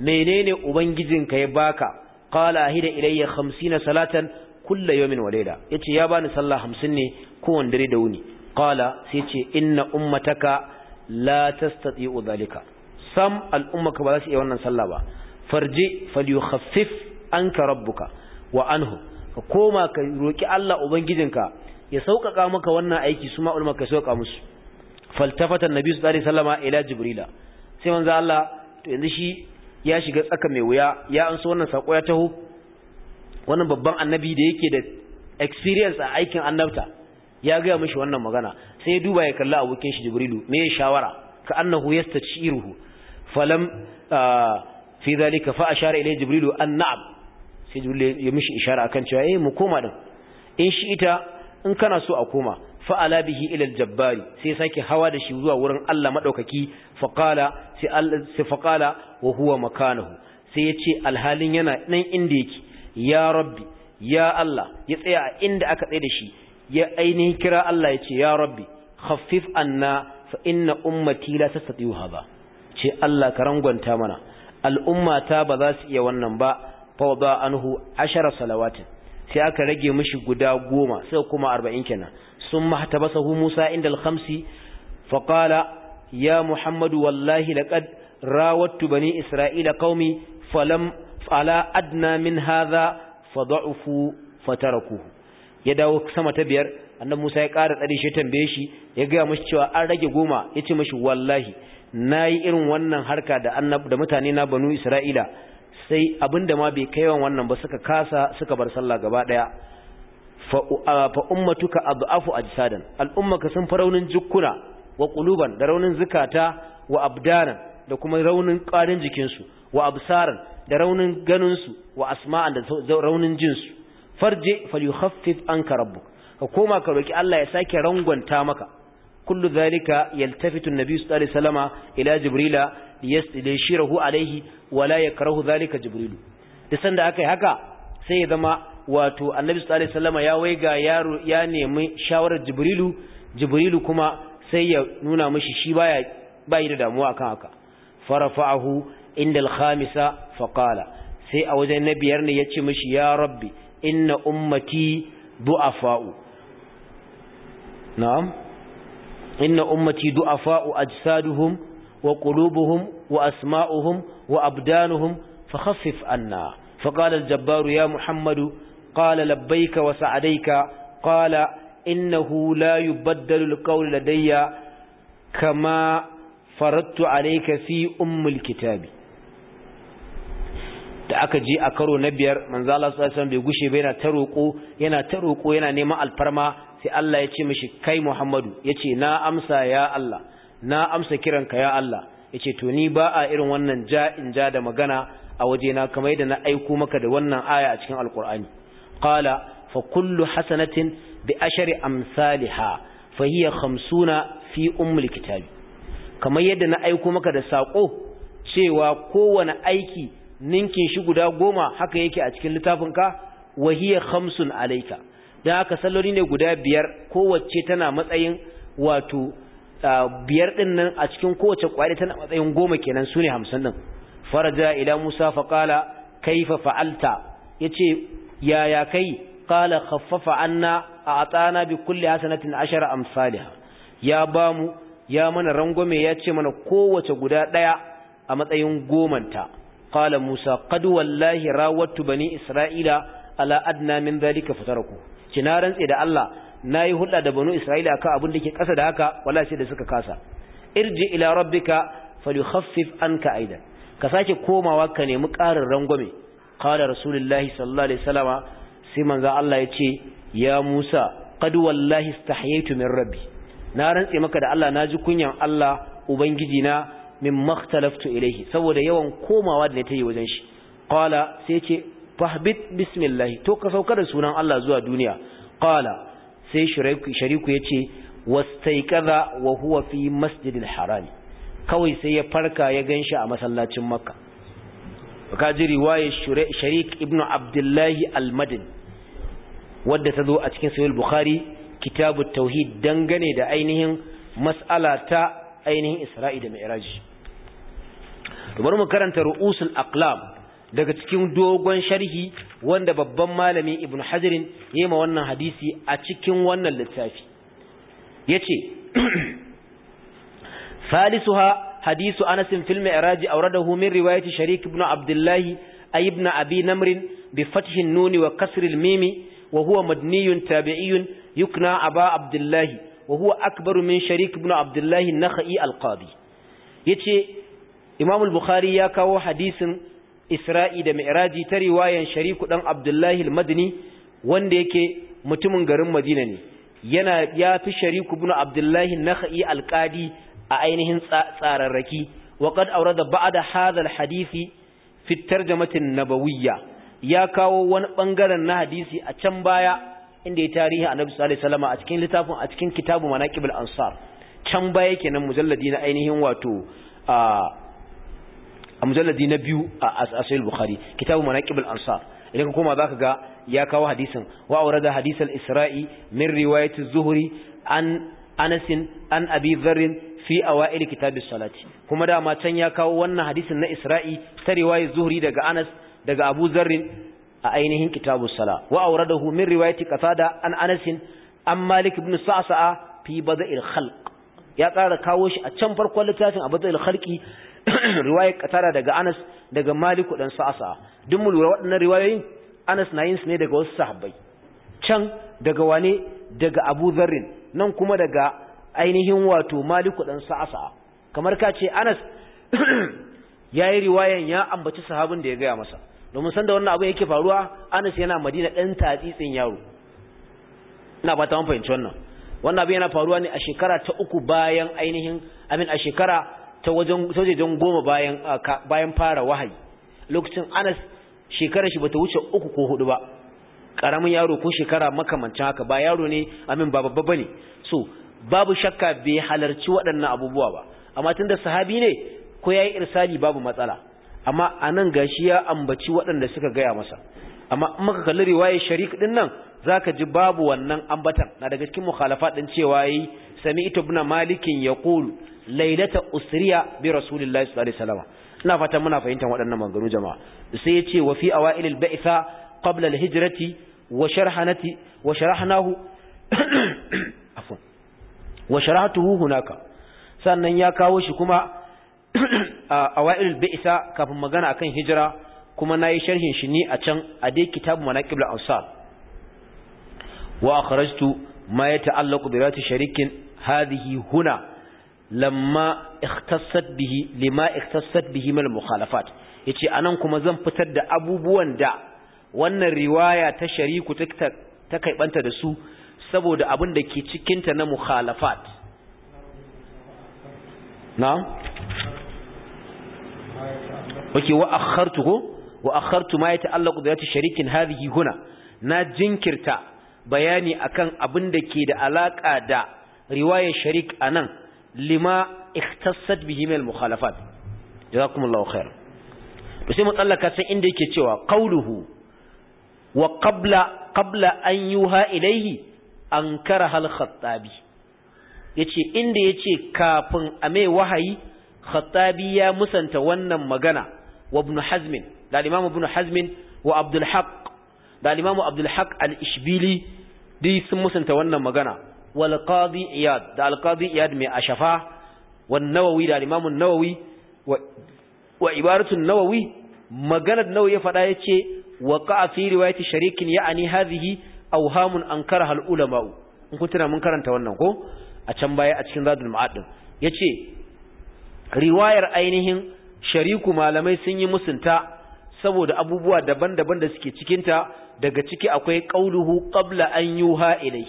menene ubangijinka ya baka qala ahida ilayya 50 salatan kulla yawmin wa layla yace ya bani sallah hamsin ne kowanne dare da wuni qala sai ce inna ummataka la tastati'u zalika sam al'ummaka ba za su iya wannan sallah ba farji falyukhaffif anka rabbuka wa anhu ka koma ka roki Allah ubangijinka ya sauƙaƙa maka wannan aiki su ulmaka ka musu faltafatan nabi su alaihi sallama ila jibrila sai manzo Allah to yanzu shi ya shiga tsaka mai wuya ya anso wannan sako ya taho wannan babban annabi da yake da experience a aikin annabta ya gaya mishi wannan magana sai ya duba ya kalla abokin shi jibrilu me ya shawara ka annahu yastachiruhu falam ah, fi dhalika fa ashara ilayhi jibrilu an na'am sai jibrilu ya mishi ishara akan cewa eh mu koma din in shi ita in kana so a koma fa'ala bihi ila aljabbari sai sake hawa da shi zuwa wurin Allah madaukaki faqala sai faqala wa huwa makanahu sai yace alhalin yana nan inda yake ya rabbi ya Allah ya tsaya a inda aka tsaye da shi ya ainihin kira Allah ya ce ya rabbi khaffif anna fa inna ummati la tastati'u hadha ce Allah ka rangwanta mana al'ummata ba za su iya wannan ba fa anhu ashara salawatin sai aka rage mishi guda goma sai kuma arba'in kenan sun mahtabasahu Musa inda al-khamsi fa qala ya Muhammadu wallahi laqad rawattu bani Isra'ila qaumi falam ala adna min hadha fad'ufu fatarakuhu ya dawo sama ta biyar annabi Musa ya ƙara tsare shi tambaye shi ya ga mashi cewa an rage goma yace mashi wallahi nayi irin wannan harka da annabi da mutane na banu Isra'ila sai abinda ma bai kaiwan wannan ba suka kasa suka bar sallah gaba daya fa ummatuka a ajsadan al'ummaka sun faraunin jukkuna wa quluban da raunin zukata wa abdanan da kuma raunin ƙarin jikinsu wa absaran da raunin ganinsu wa asma'an da raunin jinsu farje falyukhaffif anka rabbuk ka koma ka roki Allah ya sake rangwanta maka kullu zalika yaltafitu an-nabi sallallahu alaihi wasallama ila jibrila yastidshirahu alaihi wala yakrahu zalika jibrilu da sanda akai haka sai ya zama wato annabi sallallahu alaihi wasallama ya waiga yaro ya nemi shawarar jibrilu jibrilu kuma sai ya nuna mishi shi baya bai da damuwa akan haka farafa'ahu inda al faƙala, sai a wajen na biyar ne ce mashi ya rabbi inna ummati du'afa'u na'am inna ummati du'afa'u ajsaduhum wa qulubuhum wa asma'uhum wa abdanuhum fakhaffif anna faqala al-jabbar ya muhammadu qala labbayka wa sa'adayka qala innahu la yubaddalu al ladayya kama faradtu alayka fi ummul kitabi da aka je a karo na biyar manzo Allah sallallahu alaihi bai gushe ba yana ta roƙo yana ta roko yana neman alfarma sai Allah ya ce mishi kai Muhammadu yace na amsa ya Allah na amsa kiranka ya Allah yace to ni ba a irin wannan ja in ja da magana a waje na kamar yadda na aiko maka da wannan aya a cikin alqur'ani qala fa kullu hasanatin bi ashari amsalha fa hiya 50 fi ummul kitab kamar yadda na aiko maka da sako cewa kowane aiki ninkin shi guda goma haka yake a cikin littafinka wahiyar hamsin alaika don haka salloli ne guda biyar kowace tana matsayin wato biyar ɗin nan a cikin kowace kwari tana matsayin goma kenan su ne hamsin ɗin faraja ila musa faƙala kaifa fa'alta ya ce yaya kai ƙala khaffafa anna a atsana bi kulle hasanatin ashara amsaliha ya bamu ya mana rangwame ya ce mana kowace guda ɗaya a matsayin gomanta qala musa qad wallahi rawattu bani isra'ila ala adna min dhalika fataraku kina rantse da Allah nayi hulɗa da banu isra'ila akan abin da ke kasa da haka wallahi sai da suka kasa irji ila rabbika falyukhaffif anka aidan ka sake komawa ka nemi ƙarin rangwame qala rasulullahi sallallahu alaihi wasallama sai manzo Allah ya ce ya Musa qad wallahi min rabbi na rantse maka da Allah naji kunyan Allah ubangiji na min makhtalaftu ilayhi saboda yawan komawa da ta yi wajen shi qala sai ce fahbit bismillah to ka sauka da sunan Allah zuwa duniya qala sai shariku shariku yace wastaiqadha wa huwa fi masjidil harami kawai sai ya farka ya ganshi a masallacin makka ka ji riwayar sharik ibn abdullahi al madin wadda ta zo a cikin sahih bukhari kitabu tauhid dangane da ainihin mas'ala ta ainihin isra'i da mi'raji bari mu karanta ru'usul aqlam daga cikin dogon sharhi wanda babban malami ibn hajarin yayi ma wannan hadisi a cikin wannan littafi yace salisuha hadisu anas fil mi'raj awradahu min riwayati sharik ibn abdullah ay ibn abi namr bi fathi an-nun wa kasr al-mim wa huwa madniyun yukna aba abdullah wa huwa akbaru min sharik ibn abdullahi nakhai alqadi yace imam al-bukhari ya kawo hadisin isra'i da mi'raji ta riwayan shariku dan abdullahi al-madini wanda yake mutumin garin madina ne yana ya fi shariku ibn abdullahi nakhai alqadi a ainihin tsararraki wa qad awrada ba'da hadha al-hadisi fi tarjamati an-nabawiyya ya kawo wani bangaren na hadisi a can baya inda ya tarihi annabi sallallahu alaihi wasallam a cikin littafin a cikin kitabu manaqibul ansar can baya kenan mujalladi na ainihin wato a mujalladi na biyu a sahih bukhari kitabu manaqibul ansar idan ka koma zaka ga ya kawo hadisin wa aurada hadisal isra'i min riwayat az-zuhri an Anas an Abi Dharr fi awail kitab as-salati kuma dama can ya kawo wannan hadisin na isra'i ta riwayat zuhri daga Anas daga Abu Dharr a ainihin kitabus sala wa awradahu min riwayati qatada an anas an malik ibn sa'sa'a fi bada'il khalq ya ƙara kawo shi a can farkon littafin a bada'il khalqi riwayar qatada daga anas daga malik dan sa'sa'a duk mu lura waɗannan riwayoyin anas na yin su ne daga wasu sahabbai can daga wane daga abu zarrin nan kuma daga ainihin wato maliku dan sa'sa'a kamar ka ce anas yayi riwayan ya ambaci sahabin da ya gaya masa domin san da wannan abu yake faruwa Anas yana Madina dan tatsitsin yaro ina ba ta fahimci wannan wannan abu yana faruwa ne a shekara ta uku bayan ainihin amin a shekara ta wajen don goma bayan bayan fara wahayi lokacin Anas shekarar shi bata wuce uku ko hudu ba karamin yaro ko shekara makamancin haka ba yaro ne amin ba babba bane so babu shakka bai halarci waɗannan abubuwa ba amma tunda sahabi ne ko yayi irsali babu matsala amma a nan gashi ya ambaci waɗanda suka gaya masa amma in maka kalli riwayar sharik din nan zaka ji babu wannan ambatan na daga cikin mukhalafa din cewa yi ita ibn malikin yaqul lailata usriya bi rasulillahi sallallahu alaihi wasallam ina fatan muna fahimtar waɗannan maganganu jama'a sai ya yace wa fi awail al-ba'tha qabla al-hijrati wa sharhanati wa sharahnahu afwan wa sharahtuhu hunaka sannan ya kawo shi kuma a wa'il bi'isa kafin magana akan hijira kuma nayi sharhin shi ni a can a dai kitabu manaqib al-ansar wa akhrajtu ma yata'allaqu bi rati sharikin hadhihi huna lamma ikhtassat bihi lima ikhtassat bihi min mukhalafat yace anan kuma zan fitar da abubuwan da wannan riwaya ta shariku ta kaibanta da su saboda abin da ke cikinta na mukhalafat na'am wake wa akhartu ko wa akhartu ma yata'allaqu bi yati sharikin hadhihi huna na jinkirta bayani akan abin da ke da alaƙa da riwayar sharik nan. lima ikhtassat bihi min al-mukhalafat jazakumullahu khair to sai mu tsallaka san inda yake cewa qawluhu wa qabla qabla an ilaihi ilayhi ankara hal khattabi yace inda yace kafin a mai wahayi khattabi ya musanta wannan magana wa ibn hazm da al-imam wa abdul haqq da abdul haqq al-ishbili sun musanta wannan magana wal qadi iyad da al iyad mai ashafa wan nawawi da al-imam an-nawawi wa wa ibaratu an-nawawi maganar nawawi ya fada yace waqa fi riwayati sharikin ya'ani hadhihi awhamun ankaraha al-ulama in kun tuna mun karanta wannan ko a can baya a cikin zadul ma'ad din riwayar ainihin shariku malamai sun yi musunta saboda abubuwa daban-daban da suke cikinta daga ciki akwai qauluhu qabla an yuha ilai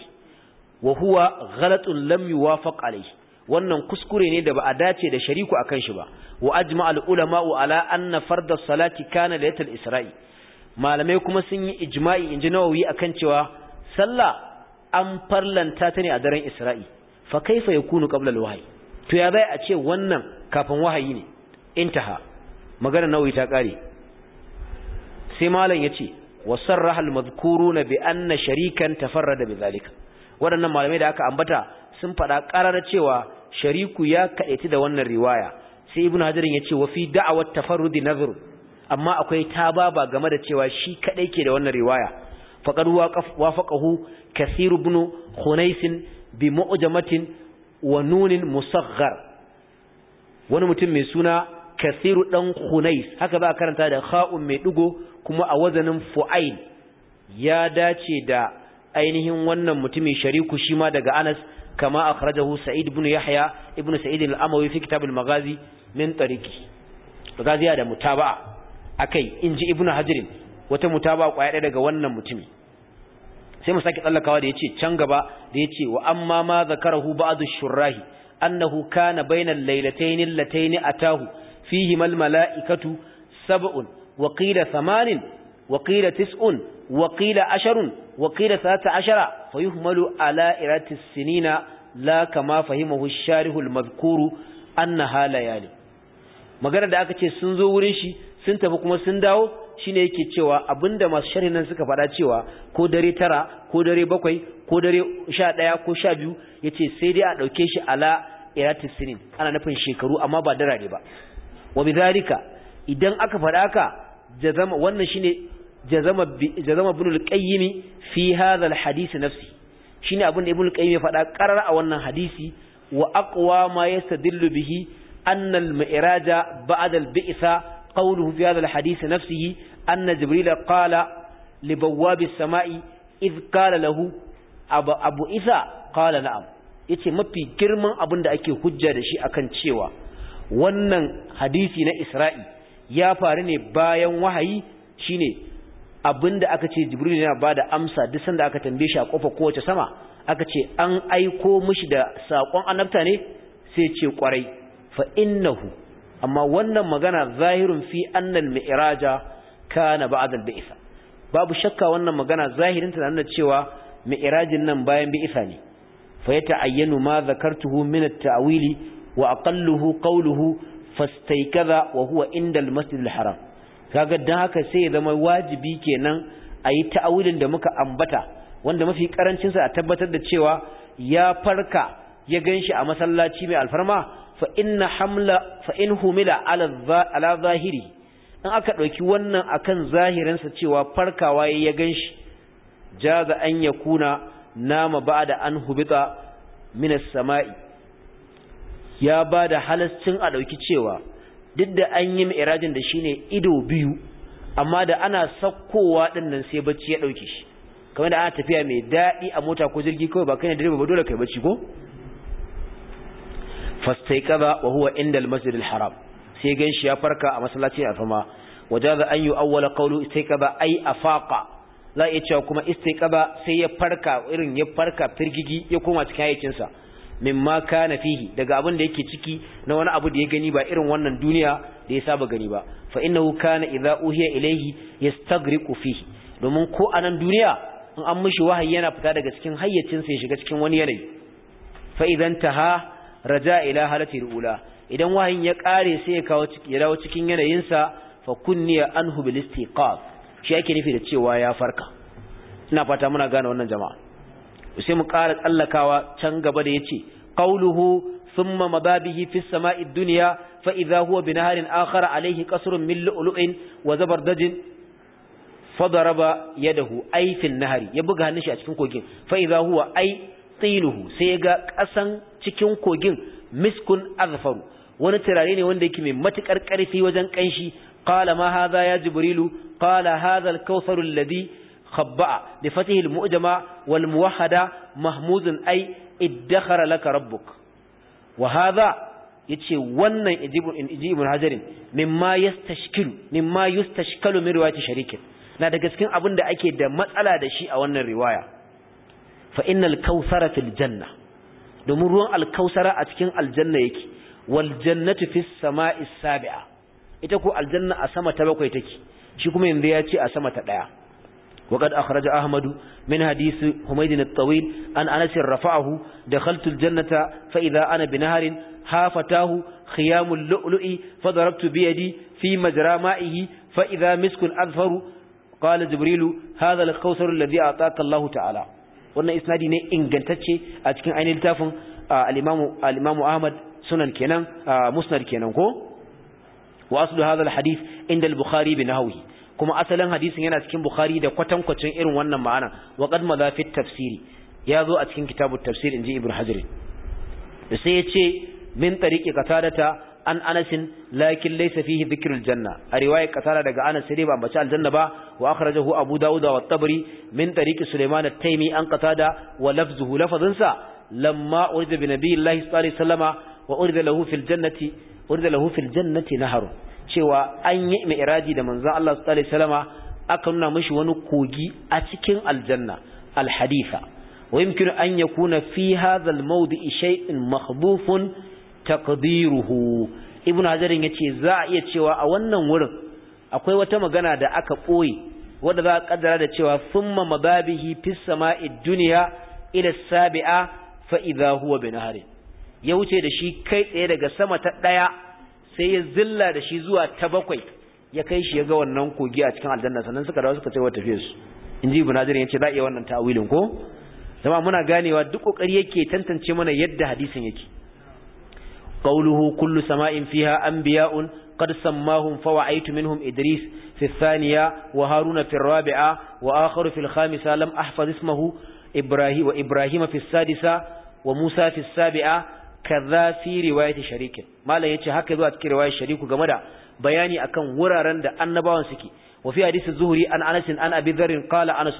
wa huwa ghalatun lam yuwafaq alai wannan kuskure ne da ba a dace da shariku akan shi ba wa ajma al ulama ala anna farda salati kana yatal isra'i malamai kuma sun yi ijma'i inji nawawi akan cewa sallah an farlanta ta ne a daren isra'i fa kaifa yakunu qabla al to ya bai a ce wannan kafin wahayi ne intaha magana nawawi ta kare sai malam yace wasarraha almadhkuruna bi anna sharikan tafarrada bizalika wadannan malamai da aka ambata sun fada karar cewa shariku ya kaiti da wannan riwaya sai ibnu hajarin yace wa fi da'awat tafarrudi nazr amma akwai tababa game da cewa shi kadai ke da wannan riwaya faqad wafaqahu kathir ibn khunais bi mu'jamatin wa nunin musaghar wani mutum mai suna kasiru dan khunais haka za a karanta da kha'un mai ɗigo kuma a wazanin fu'ail ya dace da ainihin wannan mutumin shariku shi ma daga Anas kama akhrajahu Sa'id ibn Yahya ibn Sa'id al-Amawi fi kitab al-Maghazi min tariqi Maghazi da mutaba'a akai inji Ibn Hajar wata mutaba'a kwaya ɗaya daga wannan mutumi sai mu saki tsallakawa da yace can gaba da yace wa amma ma zakarahu ba'd ash-shurahi annahu kana bayna al-laylatayn allatayn atahu fihi mal mala'ikatu sab'un wa samanin thamanin wa qila tis'un wa qila asharun wa qila thalathata ashara fa yuhmalu ala irati sinina la kama da aka ce sun zo wurin shi sun tafi kuma sun dawo shine yake cewa abinda masu sharhi nan suka faɗa cewa ko dare tara ko dare bakwai ko dare sha ɗaya ko sha biyu yace sai dai a ɗauke shi ala iratis sinin ana nufin shekaru amma ba dara ne ba wa idan aka faɗa ka jazama wannan shine jazama jazama ibn al-qayyim fi hadha al-hadith nafsi shine abin da ibn al-qayyim ya faɗa karar a wannan hadisi wa aqwa ma yastadillu bihi anna al-mi'raja ba'da al-bi'sa qawluhu fi hadha al-hadith nafsihi anna jibril qala li bawwab as-sama'i id qala lahu abu abu isa qala na'am yace mafi girman abin da ake hujja da shi akan cewa wannan hadisi na isra'i ya faru ne bayan wahayi shine abinda aka ce jibril yana bada amsa duk sanda aka tambaye shi a kofar kowace sama aka ce an aiko mishi da sakon annabta ne sai ce kwarai fa innahu amma wannan magana zahirun fi annal mi'raja kana ba'dal bisa babu shakka wannan magana zahirin ta nuna cewa mi'rajin nan bayan bi'sa ne fa ayyanu ma zakartuhu min at-ta'wili wa aqalluhu qawluhu fastaykadha wa huwa inda al haram kaga dan haka sai ya zama wajibi kenan ayi ta'awilin da muka ambata wanda mafi karancinsa a tabbatar da cewa ya farka ya ganshi a masallaci mai alfarma fa inna hamla fa in humila ala zahiri in aka ɗauki wannan akan zahirinsa cewa farkawa ya ganshi jaza an kuna nama ba da an hubita min samai ya ba da halascin a ɗauki cewa duk da an yi mi'irajin da shi ne ido biyu amma da ana sakkowa ɗin nan sai bacci ya ɗauki shi kamar da ana tafiya mai daɗi a mota ko jirgi kawai ba kai ne direba ba dole kai bacci ko fastaiqaza wa huwa inda al-masjid haram sai ganshi ya farka a masallaci alfama wajaza an yu awwala qawlu ai ay afaqa za a iya cewa kuma istaiqaza sai ya farka irin ya farka firgigi ya koma cikin hayyacinsa mimma kana fihi daga abin da yake ciki na wani abu da ya gani ba irin wannan duniya da ya saba gani ba fa innahu kana idza uhiya ilayhi yastagriqu fihi domin ko anan duniya in an mishi wahayi yana fita daga cikin hayyacin sa ya shiga cikin wani yanayi fa idan taha raja ila halati alula idan wahayin ya kare sai ya kawo ya dawo cikin yanayin sa fa kunniya anhu bil istiqaf shi ake nufi da cewa ya farka ina fata muna gane wannan jama'a sai mu ƙara tsallakawa can gaba da yace qawluhu thumma mababihi fi samai dunya fa idha huwa binaharin akhar alayhi qasrun min lu'lu'in wa zabardajin fadaraba yadahu aifin nahari ya buga hannun shi a cikin kogin fa idha huwa ay tinuhu sai ga kasan cikin kogin miskun azfaru wani turare ne wanda yake mai matukar karfi wajen kanshi qala ma hadha ya jibrilu qala hadha al-kawtharu alladhi خبأ بفتح المؤجمة والموحدة محمود أي ادخر لك ربك وهذا yace wannan ijibun hajarin mimma yastashkilu mimma yastashkalu min riwayati sharikin na daga gaskin abin da ake da matsala da shi a wannan riwaya fa innal kautsara fil janna domin ruwan alkausara a cikin aljanna yake wal jannatu fis sama'is sabi'a ita ko aljanna a sama ta bakwai take shi kuma yanzu ya ce a sama ta daya وقد أخرج أحمد من حديث حميد الطويل أن أنس رفعه دخلت الجنة فإذا أنا بنهر هافتاه خيام اللؤلؤ فضربت بيدي في مجرى مائه فإذا مسك أذفر قال جبريل هذا الكوثر الذي أعطاك الله تعالى wannan isnadi ne ingantacce a cikin ainihin littafin al-Imam al-Imam Ahmad sunan kenan musnad kenan ko wa aslu hadha al-hadith inda al-Bukhari bi nahwihi kuma asalin hadisin yana cikin bukhari da kwatankwacin irin wannan ma'ana wa qad madha tafsiri ya zo a cikin kitabut tafsir inji ibn hajar sai ya ce min tariqi qatadata an Anasin lakin laysa fihi dhikrul janna a ya qatada daga anas sai ba mace aljanna ba wa akhrajahu abu daud wa at-tabri min tariqi sulaiman at-taymi an qatada wa lafzuhu lafazansa lamma urida bi nabiyillahi sallallahu alaihi wasallama wa urida lahu fil jannati urida lahu fil jannati naharun cewa an yi mi'raji da manzon Allah sallallahu alaihi wasallama aka nuna mashi wani kogi a cikin aljanna alhadifa wa yumkinu an yakuna fi hadha almawdi shay'in mahdhufun taqdiruhu ibnu hajarin yace za a iya cewa a wannan wurin akwai wata magana da aka koyi wanda za a kaddara da cewa thumma mababihi fis sama'i dunya ila sabi'a fa idha huwa binahar ya wuce da shi kai tsaye daga sama ta daya sai ya zilla da shi zuwa ta bakwai ya kai shi ya ga wannan kogi a cikin aljanna sannan suka dawo suka tsaye wata su in ji ibn hajar yace za iya wannan ta'awilin ko zama muna ganewa duk kokari yake tantance mana yadda hadisin yake qawluhu kullu sama'in fiha anbiya'un qad sammahum fa wa'aytu minhum idris fi thaniya wa haruna fi rabi'a wa akharu fi khamisa lam ahfaz ismuhu ibrahim wa ibrahim fi sadisa wa musa fi sabi'a kaza fi riwayati sharikin malam yace haka zuwa cikin riwayar shariku game da bayani akan wuraren da annabawan suke wa fi hadisi zuhuri an anas an abi dharr qala anas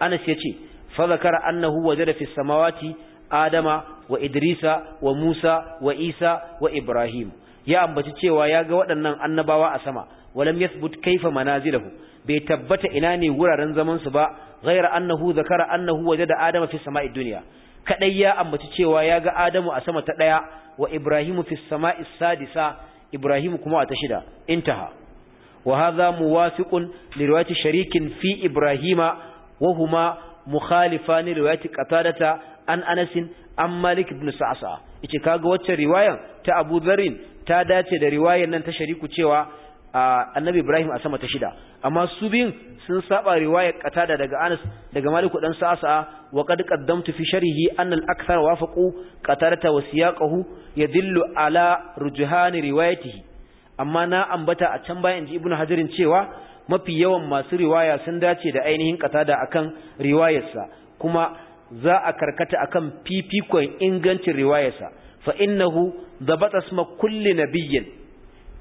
anas yace fa zakara annahu wajada fi samawati adama wa idrisa wa musa wa isa wa ibrahim ya ambaci cewa ya ga waɗannan annabawa a sama walam yathbut kaifa manazilahu bai tabbata ina ne wuraren zaman su ba ghayra annahu zakara annahu wajada adama fi sama'id dunya kadai ya ambaci cewa ya ga Adamu a sama ta ɗaya wa Ibrahimu fi sama'i sadisa Ibrahimu kuma a ta shida intaha wa hadha muwafiqun li riwayati sharikin fi Ibrahima wa huma mukhalifani riwayati qatadata an Anas an Malik ibn Sa'sa yace kaga wacce riwayan ta Abu Dharr ta dace da riwayan nan ta shariku cewa A annabi Ibrahim a sama ta shida amma su biyun sun saba riwaya katada daga Anas daga maliku dan Sa'sa wa qad qaddamtu fi sharhi an al akthar wafaqu qatarata wa siyaquhu yadullu ala rujhan riwayatihi amma na ambata a can bayan ji ibnu Hajarin cewa mafi yawan masu riwaya sun dace da ainihin da akan riwayarsa kuma za a karkata akan fifikon ingancin riwayarsa fa innahu dhabata isma kulli nabiyyin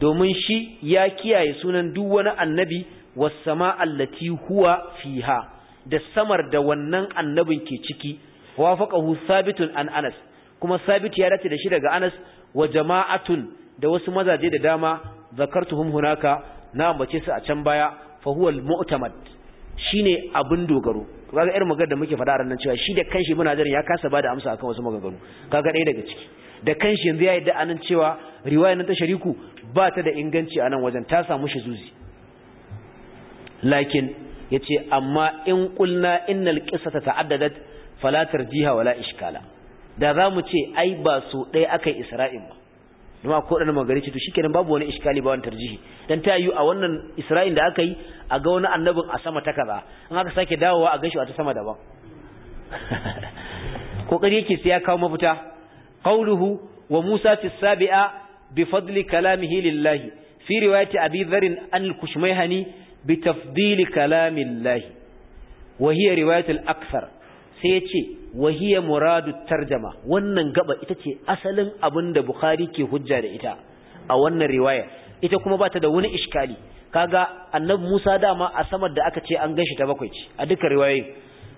domin shi ya kiyaye sunan duk wani annabi was sama allati huwa fiha da samar da wannan annabin ke ciki wafaqahu sabitun an anas kuma Sabitu ya dace da shi daga anas wa jama'atun da wasu mazaje da dama zakartuhum hunaka na ambace su a can baya fa huwa al-mu'tamad shine abin dogaro kaga irin magana da muke faɗa a ranar cewa shi da kanshi muna jarin ya kasa bada amsa akan wasu magagaru kaga ɗaya daga ciki da kanshi yanzu ya yi anan cewa riwaya nan ta shariku ba ta da inganci a nan wajen ta samu zuzi. lakin ya ce amma in ƙulna innal ƙisata ta'addadat falatar jiha wala iskala da za mu ce ai ba su ɗaya aka yi isra'in ba kuma ko ɗan magari ce to shikenan babu wani iskali ba wani tarjihi dan ta yi a wannan isra'in da aka yi a ga wani annabin a sama ta kaza in aka sake dawowa a gashi a ta sama daban kokari yake sai ya kawo mafita qauluhu wa Musa fi sabi'a بفضل كلامه لله في رواية أبي ذر عن الكشميهني بتفضيل كلام الله وهي رواية الأكثر سيتي وهي مراد الترجمة wannan gaɓa ita ce asalin abun da Bukhari ke hujja da ita a wannan riwaya ita kuma bata da wani iskali kaga annabi Musa dama a samar da aka ce an ganshi ta bakwai ce a duka riwayoyin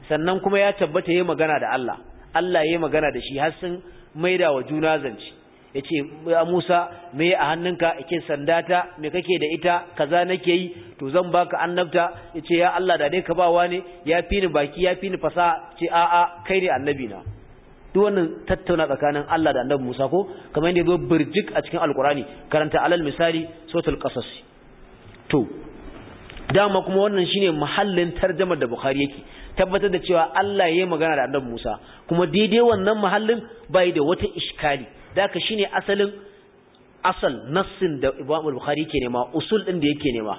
sannan kuma ya tabbata yayi magana da Allah Allah ya yi magana da shi har sun maida wa juna zance ya ce ya musa me a hannunka yake sandata me kake da ita kaza nake yi to zan baka annabta ya ce ya Allah da dai ka bawa ne ya fi ni baki ya fi ni fasa ce a'a kai ne annabi na duk wannan tattauna tsakanin Allah da annabi Musa ko kamar yadda ya birjik a cikin alkurani karanta alal misali suratul qasas to dama kuma wannan shine mahallin tarjamar da Bukhari yake tabbatar da cewa Allah ya yi magana da annabi Musa kuma daidai wannan mahallin bai da wata iskali Daka shi shine asalin asal nassin da Imam Bukhari ke nema usul din da yake nema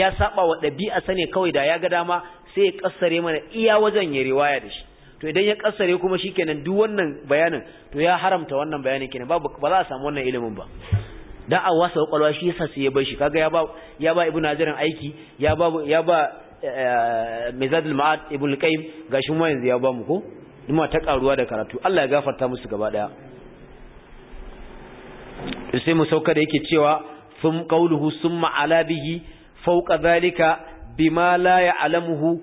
ya saba wa dabi'a sane kawai da ya ga dama sai ya kassare mana iya wajen ya riwaya da shi to idan ya kassare kuma shikenan duk wannan bayanin to ya haramta wannan bayanin kenan ba ba za a samu wannan ilimin ba dan a wasa kwalwa shi yasa sai ya bar shi kaga ya ba ya ba Ibn Hajar aiki ya ba ya ba eh, al ma'ad al qayyim gashi mu yanzu ya ba mu ko ima ta karuwa da karatu Allah ya gafarta musu gaba daya sai mu sauka da yake cewa fum qawluhu sun ala bihi fauka, dhalika bima la ya'lamuhu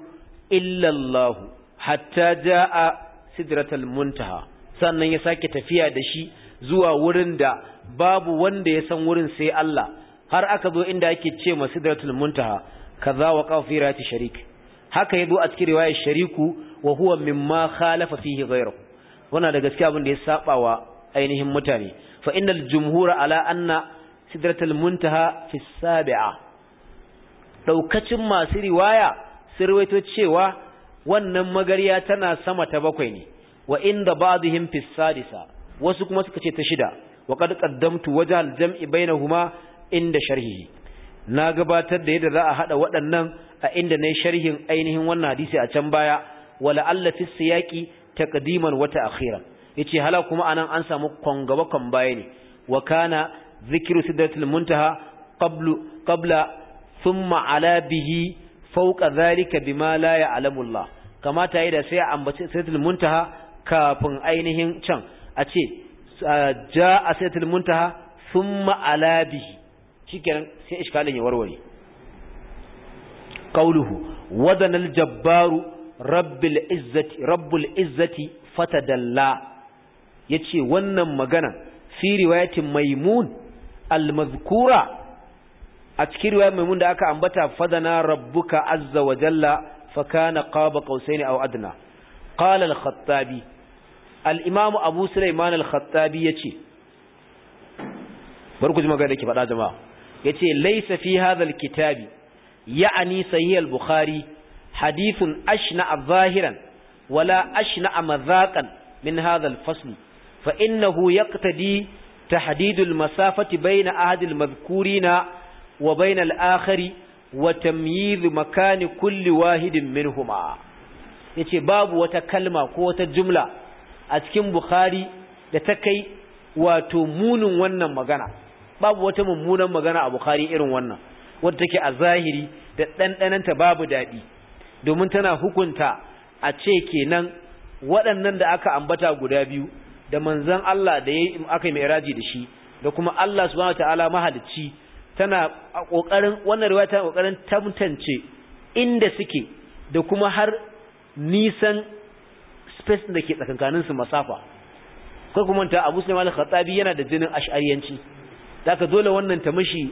illa Allah hatta jaa sidratal muntaha sannan ya sake tafiya da shi zuwa wurin da babu wanda ya san wurin sai Allah har aka zo inda yake ce ma sidratul muntaha kaza wa qafirati sharik haka yazo a cikin riwayar shariku wa huwa mimma khalafa fihi ghayruhu wannan da gaskiya abin da ya saba wa ainihin mutane fa jumhura ala anna sidratul muntaha fi ɗaukacin masu riwaya sun cewa wannan magarya tana sama ta bakwai ne wa inda ba'dihim fi sadisa wasu kuma suka ce ta shida wa qad qaddamtu wajhal jam'i bainahuma inda sharhihi na gabatar da yadda za a hada waɗannan a inda yi sharhin ainihin wannan hadisi a can baya wala yaƙi ta siyaqi wata wa ta'khiran yace hala kuma anan an samu kwangaba kan baya ne wa kana zikru sidratul muntaha qablu qabla thumma ala bihi fawqa dhalika bima la ya'lamu Allah kamata yayi da sai ambaci sidratul muntaha kafin ainihin can a ce jaa sidratul muntaha thumma ala bihi shikenan sai iskalin ya warware qawluhu wadana al-jabbaru rabbil izzati rabbul izzati fatadalla yace wannan magana fi riwayatin maimun al-mazkura a cikin riwayatin maimun da aka ambata fadana rabbuka azza wa jalla fa kana qaba qausaini aw adna qala al-khattabi al-imam abu sulaiman al-khattabi yace barku ji magana ki faɗa jama'a yace laysa fi hadha al-kitabi ya'ni sahih al-bukhari hadithun ashna zahiran wala ashna mazaqan min hadha al-fasl fa innahu yaqtadi tahdidul masafati baina ahadil madhkurina wa bayna al-akhari wa tamyiz makani wahidin minhuma yace babu wata kalma ko wata jumla a cikin bukhari da ta kai wato munin wannan magana babu wata mummunan magana a bukhari irin wannan wadda take a zahiri da ɗanɗananta babu daɗi domin tana hukunta a ce kenan waɗannan da aka ambata guda biyu da manzan Allah da yayi aka yi mi'raji da shi da kuma Allah subhanahu wataala mahalicci tana kokarin wannan riwaya tana kokarin tantance inda suke da kuma har nisan space da ke tsakankanin su masafa ko kuma ta Abu Sulaiman al-Khattabi yana da jinin ash'ariyanci daga dole wannan ta mishi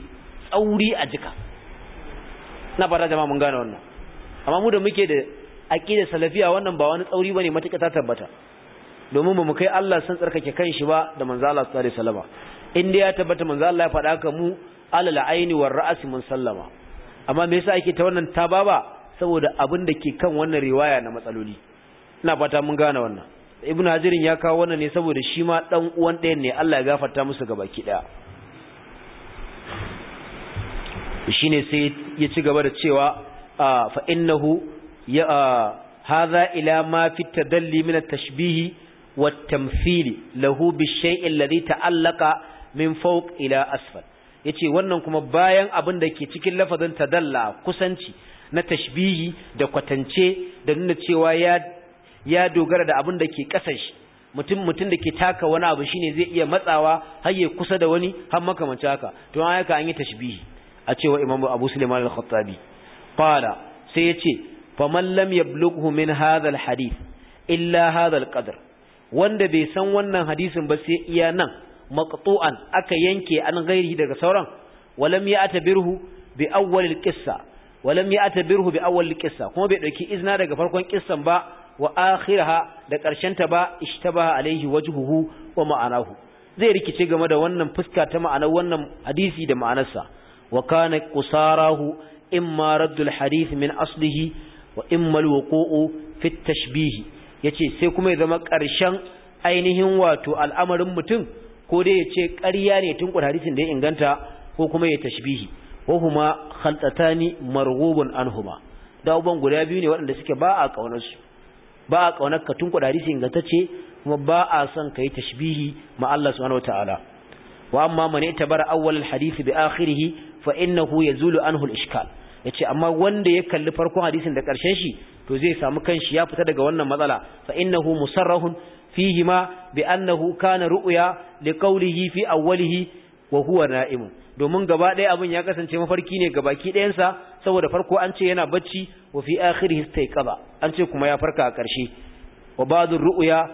tsauri a jika na fara jama'a mun gane wannan amma mu da muke da aqida salafiya wannan ba wani tsauri bane matuƙa ta tabbata domin ba mu kai Allah San tsarkake kan shi ba da manzo Allah sallallahu alaihi wasallam in dai ya tabbata manzo Allah ya faɗa ka mu alal aini war ra'si mun sallama amma me yasa ake ta wannan tababa saboda abin da ke kan wannan riwaya na matsaloli ina fata mun gane wannan ibnu hajirin ya kawo wannan ne saboda shi ma dan uwan ɗayan ne Allah ya gafarta musu gabaki daya shine sai ya ci gaba da cewa fa innahu ya hadha ila ma fi tadalli min at tashbihi wattamfili له illali ta'allaka min من فوق إلى أسفل yace wannan kuma bayan abin da ke cikin lafazin tadalla kusanci na tashbihi da kwatance da nuna cewa ya ya dogara da abin da ke kasan shi mutum mutum da ke taka wani abu shine zai iya matsawa har ya kusa da wani har makamanci haka to an haka an yi tashbihi a cewa imamu abu sulaiman al-khattabi qala sai yace faman lam yablughu min hadha al-hadith illa hadha al-qadr wanda bai san wannan hadisin ba sai iya nan maqtu'an aka yanke an gairi daga sauran walam ya'tabirhu bi awwal al-qissa walam bi awwal al kuma bai dauki izna daga farkon kissan ba wa akhiraha da karshen ta ba ishtabaha alaihi wajhuhu wa ma'anahu zai rikice game da wannan fuska ta ma'anar wannan hadisi da ma'anarsa wa kana qusarahu imma raddul hadith min aslihi wa imma al-wuqu'u fi Ya ce sai kuma ya zama ƙarshen ainihin wato al'amarin mutum ko dai ya ce ƙarya ne tun hadisin da ya inganta ko kuma ya tashbihi wa huma khaltatani marghubun anhuma da uban guda biyu ne waɗanda suke ba a kaunar su ba a kaunar ka tun kwar kuma ba a son yi tashbihi ma Allah subhanahu wataala wa amma man itabara awwal al-hadith bi akhirih fa innahu yazulu anhu al-ishkal yace amma wanda ya kalli farkon hadisin da ƙarshen shi to zai samu kanshi ya fita daga wannan matsala fa innahu musarrahun fihi ma bi annahu kana ru'ya li qawlihi fi awwalihi wa huwa na'im domin gaba ɗaya abin ya kasance mafarki ne gabaki ɗayansa saboda farko an ce yana bacci wa fi akhirih istayqaba an ce kuma ya farka a ƙarshe wa ba'du ru'ya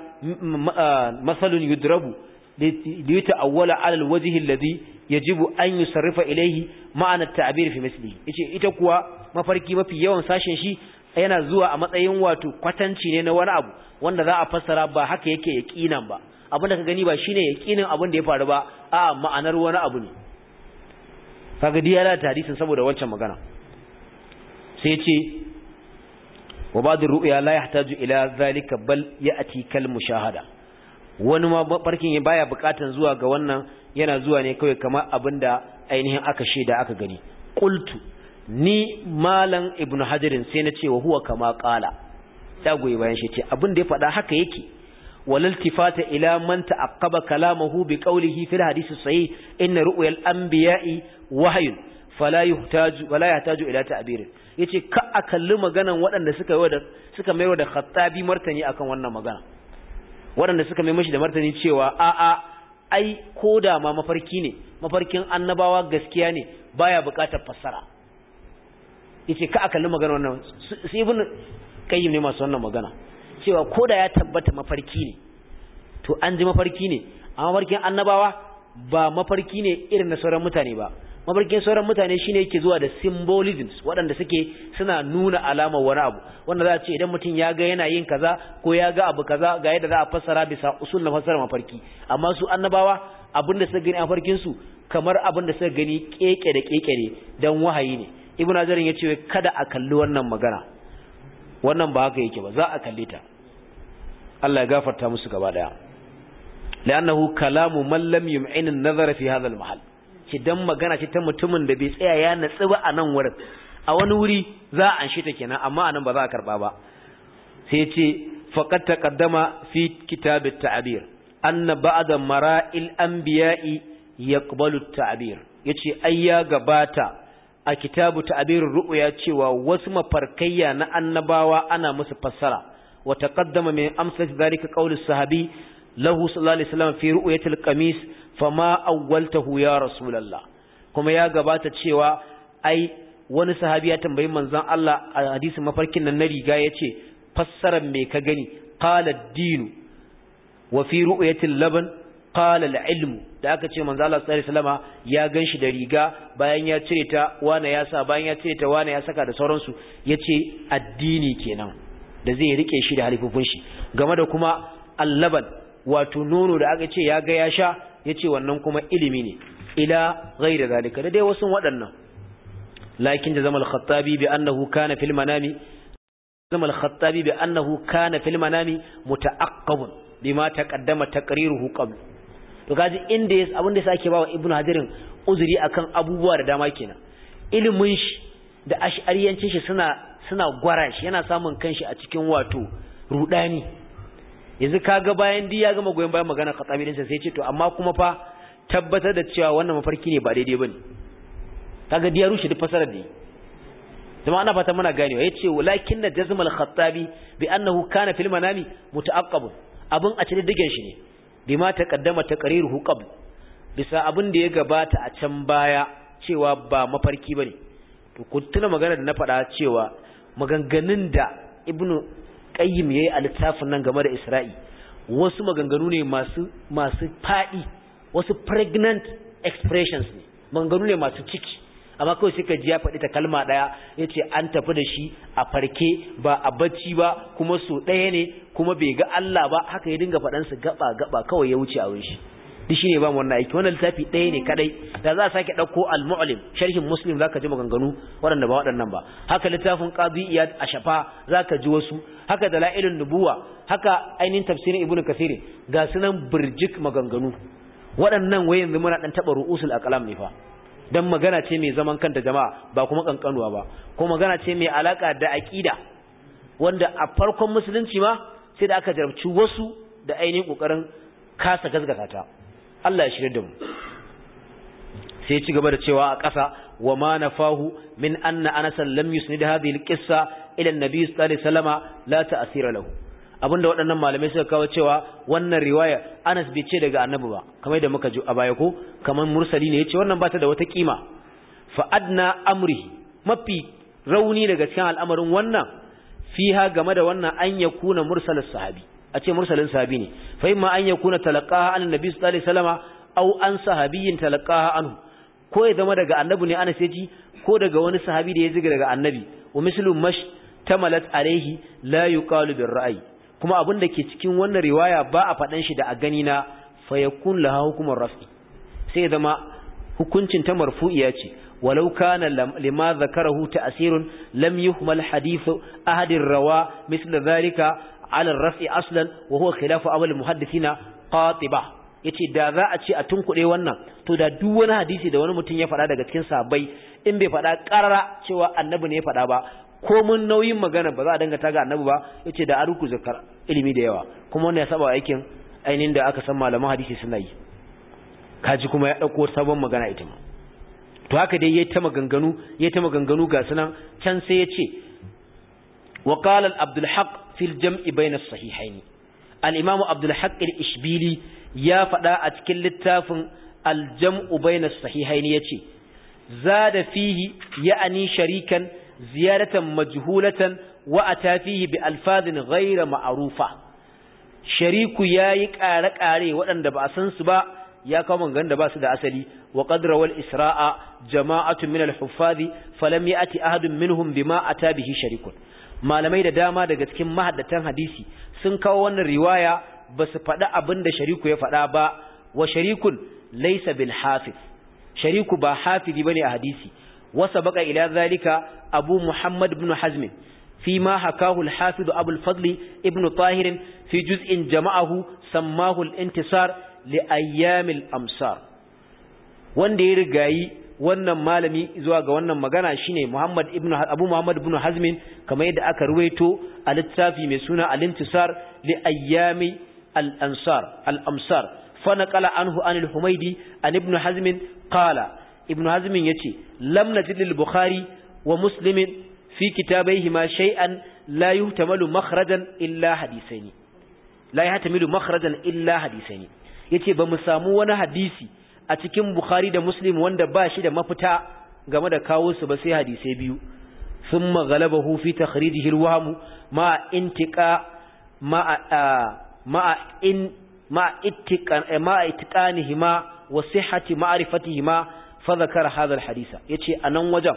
masalun yudrabu ليتأول على الوجه الذي يجب أن يصرف إليه معنى التعبير في مثله yace ita kuwa mafarki mafi yawan sashen shi yana zuwa a matsayin wato kwatanci ne na wani abu wanda za a fassara ba haka yake yaqinan ba abin da ka gani ba shine yaqinin abin da ya faru ba a ma'anar wani abu ne kaga diya la hadisin saboda wancan magana sai ce wa ba'd ru'ya la yahtaju ila zalika bal ya'ti kal mushahada wani ma barkin baya bukatan zuwa ga wannan yana zuwa ne kawai kamar abinda ainihin aka shaida aka gani qultu ni malam ibnu hajarin sai na ce wa huwa kama kala ta goyi bayan shi ce abin da ya faɗa haka yake walaltifata ila man ta'aqqaba kalamahu bi qawlihi fil hadisi sahih inna ru'yal anbiya'i wahyun fala yuhtaju wala yahtaju ila ta'bir yace ka akalli maganan waɗanda suka yi da suka mayar da khattabi martani akan wannan magana waɗanda suka mai mashi da martani cewa a a ai koda ma mafarki ne mafarkin annabawa gaskiya ne baya bukatar fassara yace ka akalli magana wannan su ibn qayyim ne masu wannan magana cewa ko da ya tabbata mafarki ne to an ji mafarki ne amma mafarkin annabawa ba mafarki ne irin na sauran mutane ba mafarkin sauran mutane shine yake zuwa da symbolism waɗanda suke suna nuna alamar wani abu wanda za a ce idan mutum ya ga yana yin kaza ko ya ga abu kaza ga yadda za a fassara bisa usul na fassara mafarki amma su annabawa abin da suka gani a farkin su kamar abin da suka gani keke da keke ne dan wahayi ne ibn ajarin ya ce kada a kalli wannan magana wannan ba haka yake ba za a kalli ta Allah ya gafarta musu gaba daya li'annahu kalamu man lam yum'in an-nazara fi hadha al-mahall ki dan magana ce ta mutumin da bai tsaya ya natsu ba a nan wurin a wani wuri za a anshe ta kenan amma anan ba za a karba ba sai ce faqad taqaddama fi kitab at-ta'bir anna ba'da mara'il anbiya'i yaqbalu at-ta'bir yace ai ya gabata a kitabu ta'birur ru'ya cewa wasu mafarkayya na annabawa ana musu fassara wa taqaddama min amsal dhalika qawl as-sahabi lahu sallallahu alaihi wasallam fi ru'yatil qamis fama awwaltahu ya rasulullah kuma ya gabata cewa ai wani sahabi ya tambayi manzon Allah a hadisin mafarkin nan na riga yace fassarar me ka gani qala ad-din wa fi ru'yatil laban qala al-ilm da aka ce manzo Allah sallallahu alaihi wasallama ya ganshi da riga bayan ya cire ta wani ya sa bayan ya cire ta wani ya saka da sauransu yace addini kenan da zai rike shi da halifofin shi game da kuma allaban wato nono da aka ce ya ga ya sha yace wannan kuma ilimi ne ila ghairi zalika da dai wasu waɗannan lakin da zamal khattabi bi annahu kana fil manami zamal khattabi bi annahu kana fil manami mutaaqqabun bima taqaddama taqriruhu qabl to kaji inda ya abin da sake bawa ibnu Hadirin uzuri akan abubuwa da dama kenan ilimin shi da ash'ariyancin shi suna suna gwara shi yana samun kanshi a cikin wato rudani yanzu kaga bayan di ya gama goyen bayan magana katsabi din sai ce to amma kuma fa tabbatar da cewa wannan mafarki ne ba daidai bane kaga di ya rushe duk fasarar da zama ana fata muna gane Ya yace walakin da jazmal khattabi bi annahu kana fil manami mutaaqqab abun a cikin digen shi ne bima ta ƙariru qabl bisa abin da ya gabata a can baya cewa ba mafarki bane to kuntuna magana da na faɗa cewa maganganun da ibnu qayyim yayi a littafin nan game da isra'i wasu maganganu ne masu masu fadi wasu pregnant expressions ne maganganu ne masu ciki amma kawai suka ji ya faɗi ta kalma ɗaya ya ce an tafi da shi a farke ba a bacci ba kuma so ɗaya ne kuma bai ga Allah ba haka ya dinga faɗansa gaba gaba kawai ya wuce a wurin shi duk shi ne ba wannan aiki wannan littafi ɗaya ne kadai da za a sake ɗauko al-mu'lim sharhin muslim za ka ji maganganu waɗanda ba waɗannan ba haka littafin qadi iyad ashafa za ka ji wasu haka dalailun nubuwa haka ainihin tafsirin ibnu kasiri ga sunan birjik maganganu waɗannan wayan yanzu muna ɗan taɓa ru'usul aqlam ne fa dan magana ce mai zaman kanta jama'a ba kuma kankanuwa ba ko magana ce mai alaka da aqida wanda a farkon musulunci ma sai da aka jarabci wasu da ainihin kokarin kasa gazgata ta Allah ya shirye da mu sai ya ci gaba da cewa a ƙasa wa ma nafahu min anna anas lam yusnid hadhihi alqissa ila an sallallahu alaihi wasallama la ta'sira lahu abinda waɗannan malamai suka kawo cewa wannan riwaya Anas bai ce daga Annabi ba kamar da muka ji a baya ko kamar mursali ne yace wannan ba ta da wata kima fa adna amri mafi rauni daga cikin al'amarin wannan fiha game da wannan an kuna mursalin sahabi a ce mursalin sahabi ne fa imma an yakuna talaqaha annabi sallallahu alaihi wasallama aw an sahabiyyin talaqaha anhu ko ya zama daga annabi ne Anas ya ko daga wani sahabi da ya ziga daga annabi wa mislu mash tamalat alaihi la yuqalu bil ra'ayi. kuma abin da ke cikin wannan riwaya ba a faɗan shi da a gani na fayakun laha hukumar rafi sai zama hukuncin ta marfu'iya ce walau kana lima zakarahu ta'sirun lam yuhmal hadithu ahadin rawa misla zalika ala rafi aslan wa huwa khilafu awal muhaddithina qatiba yace da za a ce a tunkuɗe wannan to da duk wani hadisi da wani mutum ya faɗa daga cikin sahabbai in bai faɗa ƙarara cewa annabi ne ya faɗa ba Ko mun nauyin magana ba za a dangata ga annabi ba yace da aruku zakar ilimi da yawa kuma wannan ya saba aikin ainihin da aka san malaman hadisi suna yi kaji kuma ya dauko sabon magana ita ma to haka dai yayi ta maganganu yayi ta maganganu ga sunan can sai yace wa qala abdul haq fil jam'i bayna as-sahihayn al-imam abdul haq al-ishbili ya fada a cikin littafin al-jam'u bayna as-sahihayn yace zada fihi ya'ani sharikan ziyaratan majhulatan wa atafihi bi alfazin ghayra ma'rufa shariku yayi ƙare-ƙare waɗanda ba a san su ba ya kawo magan da ba su da asali wa qadra wal isra'a jama'atu min al huffazi falam min ahadun minhum bima ata bihi sharikun malamai da dama daga cikin mahaddatan hadisi sun kawo wannan riwaya ba su faɗa abin da shariku ya faɗa ba wa sharikun laysa bil hafiz shariku ba hafizi bane a hadisi wasa baka ila zalika abu muhammad ibn hazm fi ma hakahu al-hafid abu al-fadl ibn tahir fi juz'in jama'ahu sammahu al-intisar li Ayyamil al-amsar wanda ya rigayi wannan malami zuwa ga wannan magana shine muhammad ibn abu muhammad ibn hazm kamar yadda aka ruwaito a tafi mai suna al-intisar li ayyam al-ansar al-amsar fa naqala anhu an al-humaydi an ibn hazm qala ibn azmin ya ce lam na bukhari wa muslimin fi kitabai ma shay'an la yuhtamalu makhrajan illa hadisaini la yahtamilu makhrajan illa Ya yace ba mu samu wani hadisi a cikin bukhari da muslim wanda ba shi da mafita game da kawo su ba sai hadisai biyu thumma ghalabahu fi takhrijihi alwahm ma intiqa ma ma in ma ittiqan ma ittiqanihima wa sihhati hima. fa zakara hadisa, alhadisa yace anan wajen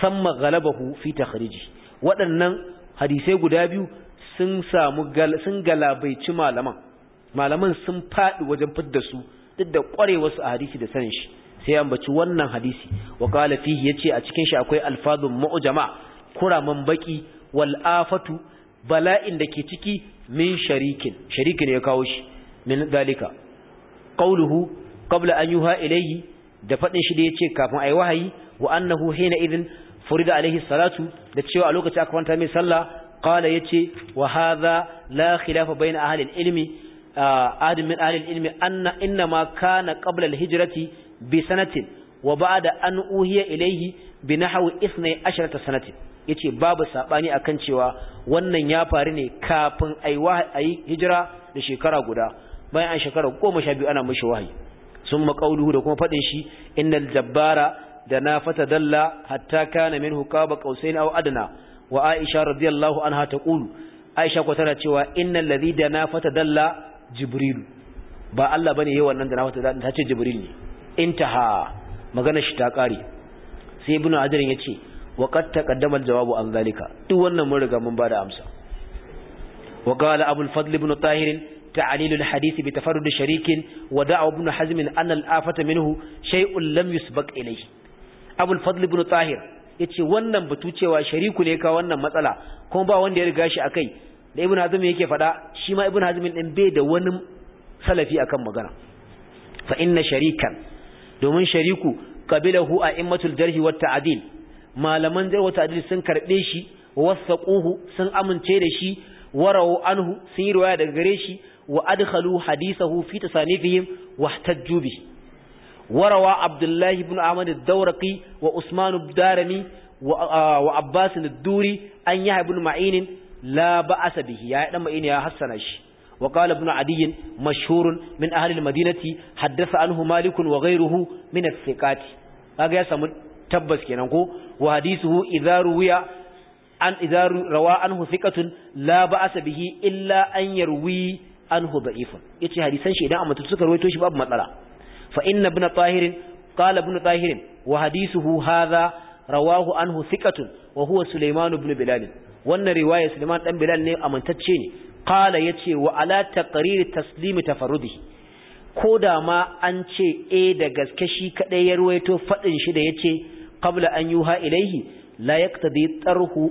samma galabahu fi takhriji waɗannan hadisai guda biyu sun samu sun galabaici malaman malaman sun faɗi wajen fidda su duk da kwarewar a hadisi da sanin shi sai baci wannan hadisi wa qala fihi yace a cikin shi akwai alfazun mu'jama kuraman baki wal afatu bala'in da ke ciki min sharikin sharikin ya kawo shi min dalika qawluhu qabla an yuha ilayhi da faɗin shi da ya ce kafin a yi wahayi wa annahu hina idin furida alaihi salatu da cewa a lokacin aka kwanta mai sallah qala yace wa hadha la khilafa bayna ahli ilmi ahad min ahli al-ilmi anna inna ma kana qabla al-hijrati bi sanatin wa ba'da an uhiya ilayhi bi nahwi 12 sanatin yace babu sabani akan cewa wannan ya faru ne kafin ayi hijira da shekara guda bayan an shekara 12 ana mishi wahayi sun qawluhu da kuma faɗin shi innal jabbara da na fata dalla hatta kana minhu qaba qausain aw adna wa aisha radiyallahu anha taqulu aisha ko tana cewa inna ladhi da na fata dalla jibril ba Allah bane yayi wannan da na fata dalla tace jibril ne intaha magana shi ta kare sai ibnu hajar yace wa qad taqaddama al-jawabu an zalika duk wannan mun riga mun bada amsa wa qala abul fadl ibn tahir تعليل الحديث بتفرد شريك ودعا ابن حزم أن الآفة منه شيء لم يسبق إليه أبو الفضل بن طاهر yace wannan batu cewa shariku ne ka wannan matsala kuma ba wanda ya riga shi akai da ibn hazm yake fada shi ma ibn hazm din bai da wani salafi akan magana fa inna sharikan domin shariku qabilahu a'immatul jarh wa ta'dil malaman jarh wa ta'dil sun karbe shi wasaquhu sun amince da shi warau anhu sun yi riwaya daga gare shi وأدخلوا حديثه في تصانيفهم واحتجوا به وروى عبد الله بن عمد الدورقي وأثمان الدارمي وعباس الدوري أن يحيى بن معين لا بأس به يا ابن معين يا حسنش وقال ابن عدي مشهور من أهل المدينة حدث عنه مالك وغيره من الثقات هذا يسمى تبس كنانكو وحديثه إذا روي عن إذا روى عنه ثقة لا بأس به إلا أن يروي anhu da'ifun yace hadisan shi idan amma suka rawaito shi babu matsala fa inna ibn tahir qala ibn tahir wa hadithuhu hadha rawahu anhu thiqatun wa huwa sulaiman ibn bilal wannan riwaya sulaiman dan bilal ne amintacce ne qala yace wa ala taqrir taslim tafarrudihi ko da ma an ce e da gaske shi kadai ya ruwaito fadin shi da yace qabla an yuha ilaihi la yaqtadi tarhu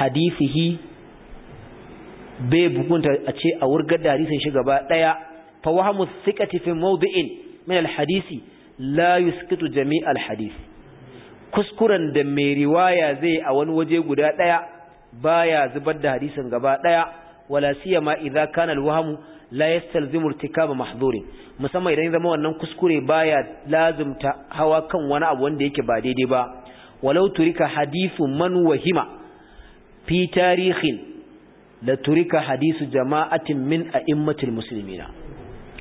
hadithihi bai bukunta a ce a wurgar da hadisin shi gaba daya fa wahamu thiqati fi mawdi'in min alhadisi la yusqitu jami' alhadis kuskuren da mai riwaya zai a wani waje guda daya baya zubar da hadisin gaba ɗaya, wala ma idza kana alwahmu la yastalzimu irtikaba mahdhurin musamman idan zama wannan kuskure baya lazimta hawa kan wani abu wanda yake ba daidai ba walau turika hadithu man wahima fi tarihin la turika hadisu jama'atin min a'immatil muslimina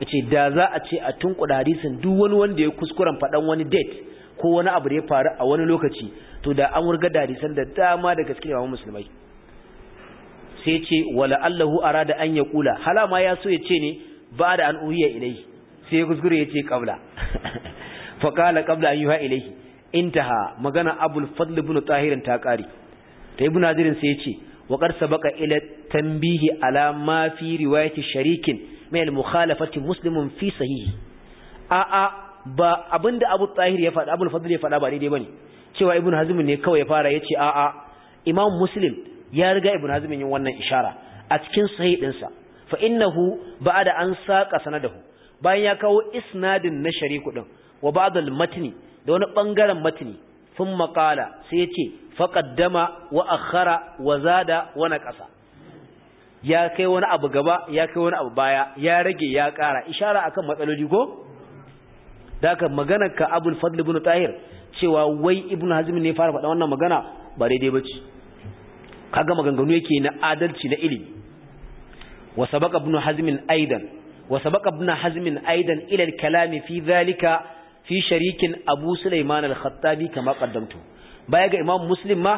yace da za a ce a tunkuda hadisin duk wani wanda ya kuskuren faɗan wani date ko wani abu da ya faru a wani lokaci to da an wurga da hadisan da dama da gaskiya wa musulmai sai ce wala allahu arada an yaqula halama ya so ya ce ne ba da an uhiya ilai sai kuskure ya ce qabla fa qala qabla an yuha ilai intaha magana abul fadl ibn tahirin ta kare ta ibn hadirin sai ya ce وقد سبق إلى التنبيه على ما في رواية شريك من المخالفة مسلم في صحيح آآ ba abinda Abu Tahir ya faɗa Abu Fadl ya ba daidai bane cewa Ibn Hazm ne kawai ya fara yace a'a Imam Muslim ya riga Ibn Hazm yin wannan ishara a cikin sahih dinsa fa innahu ba'da an saqa sanadahu bayan ya kawo isnadin na shariku din wa ba'd al-matni da wani bangaren matni sai ثم قال wa zada wa na ƙasa. ya kai wani abu gaba ya kai wani abu baya ya rage ya ƙara ishara akan matsaloli ko daga maganar ka abul fadl ibn tahir cewa wai ibn hazm ne fara faɗa wannan magana ba daidai ce kaga maganganu yake na adalci na ilimi wa sabaqa ibn hazm aidan wa sabaqa ibn hazm aidan ila al-kalam fi dhalika fi sharikin abu sulaiman al-khattabi kama qaddamtu baya ga imam muslim ma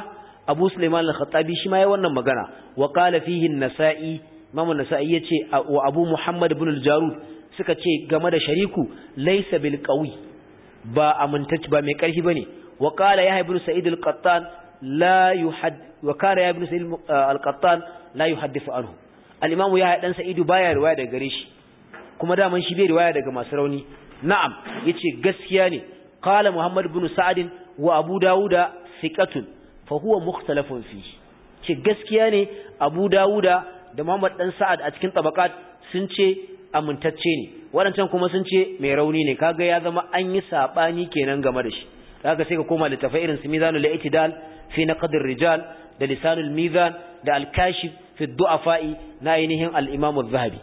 abu sulaiman al-khattabi shi ma ya wannan magana wa qala fihi an-nasa'i imam an-nasa'i yace wa abu muhammad ibn al-jarud suka ce game da shariku laysa bil qawi ba amintacci ba mai karfi bane wa qala ya ibn sa'id al-qattan la yuhad wa kana yahya ibn sa'id uh, al-qattan la yuhaddithu anhu al-imam yahya dan sa'idu baya riwaya daga gare shi kuma daman shi bai riwaya daga masu rauni na'am yace gaskiya ne qala muhammad ibn sa'd wa abu dauda thiqatun fa huwa mukhtalafun fi ce gaskiya ne abu dauda da muhammad dan sa'ad a cikin tabaqat sun ce amintacce ne waɗancan kuma sun ce mai rauni ne kaga ya zama an yi sabani kenan game da shi kaga sai ka koma littafai irin su mizanul i'tidal fi naqd rijal da lisanul mizan da al-kashif fi du'afa'i na ainihin al-imam az-zahabi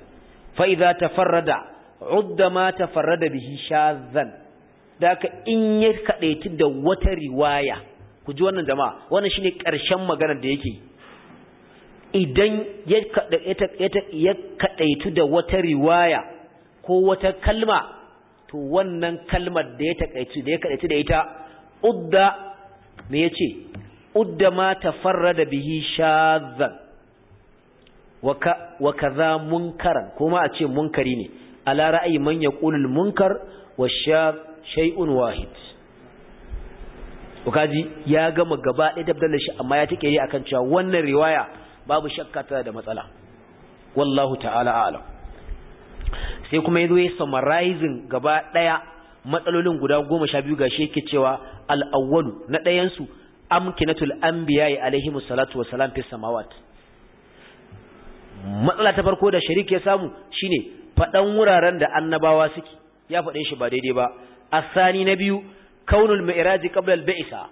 fa idza tafarrada udda ma tafarrada bihi shazan da ka in ya kadaici da wata riwaya ku ji wannan jama'a wannan shine ƙarshen maganar da yake idan ya kadaitu da wata riwaya ko wata kalma to wannan kalmar da ya takaitu da ya kadaitu da ita udda me yace udda ma tafarrada bihi shazan wa kaza munkaran kuma a ce munkari ne ala ra'ayi man al munkar washab shay'un wahid ukaji ya gama gaba ɗaya dabdalar shi amma ya take yi akan cewa wannan riwaya babu shakka ta da matsala wallahu ta'ala a'lam sai kuma yazo ya summarizing gaba ɗaya matsalolin guda 12 gashi yake cewa al-awwalu na ɗayan su amkinatul anbiya'i alaihi salatu wassalam fi samawat matsala ta farko da shirki ya samu shine faɗan wuraren da annabawa suke ya faɗe shi ba daidai ba asani na biyu kaunul mi'raji qabla al-ba'sa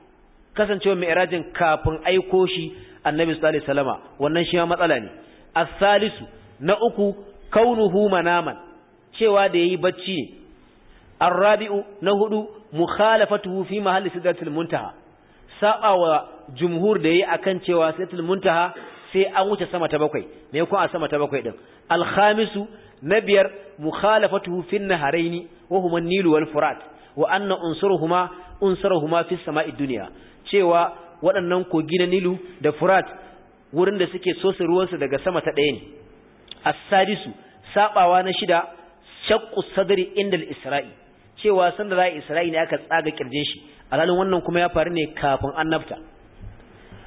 kasancewa mi'rajin kafin aiko shi annabi sallallahu alaihi wasallama wannan shi ma matsala ne asalisu na uku kaunuhu manaman cewa da yayi bacci ne Rabi'u na hudu mukhalafatuhu fi mahalli sidratil muntaha sabawa jumhur da yayi akan cewa sidratil muntaha sai an wuce sama ta bakwai me ko a sama ta bakwai din alkhamisu na biyar mukhalafatuhu fi naharaini wa huma nilu wal furat wa anna unsuruhuma unsuruhuma fi sama'i dunya cewa waɗannan kogi na nilu da furat wurin da suke sosa ruwansu daga sama ta ɗaya ne as-sadisu sabawa na shida shaqqu sadri inda al-isra'i cewa sanda za isra'i ne aka tsaga kirjin shi alhalin wannan kuma ya faru ne kafin annabta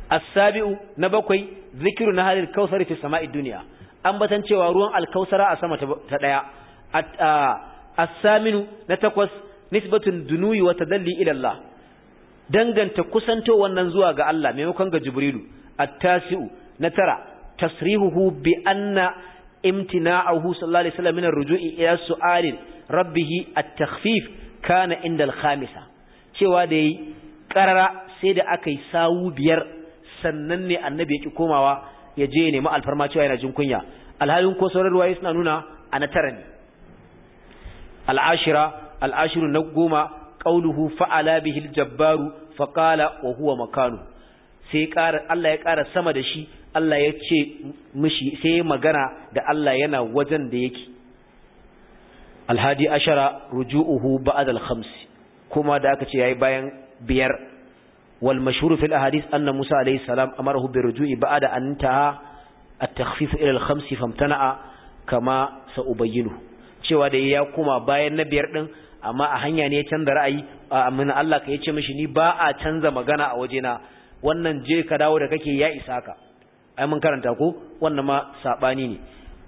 asabi'u na bakwai zikiru na halil kautsar fi sama'id dunya ambatan cewa ruwan alkausara a sama ta daya asaminu saminu na takwas nisbatun dunuyi wa tadalli ila Allah danganta kusanto wannan zuwa ga Allah maimakon ga jibrilu attasi'u tasiu na tara tasrihuhu bi anna imtina'ahu sallallahu alaihi wasallam min ar-ruju'i ila su'alin rabbih at-takhfif kana inda al-khamisa cewa da yi karara sai da aka yi sawu biyar sannan ne annabi ya ki komawa ya je ya nemi alfarma cewa yana jin kunya alhalin ko sauran ruwaye suna nuna a na tara ne al'ashira al'ashiru na goma ƙaunuhu fa'ala bihi jabbaru faƙala wa huwa makanu sai ƙara Allah ya ƙara sama da shi Allah ya ce mishi sai magana da Allah yana wajen da yake alhadi ashara ruju'uhu ba'ad al-khams kuma da aka ce yayi bayan biyar wal mashhur fil ahadith anna Musa alayhi salam amarahu bi ruju'i ba'da an a at-takhfif ila al famtana'a kama cewa da ya koma bayan na biyar din amma a hanya ne ya canza ra'ayi amin Allah ka yace mishi ni ba a canza magana a wajena wannan je ka dawo da kake ya isa ka ai mun karanta ko wannan ma sabani ne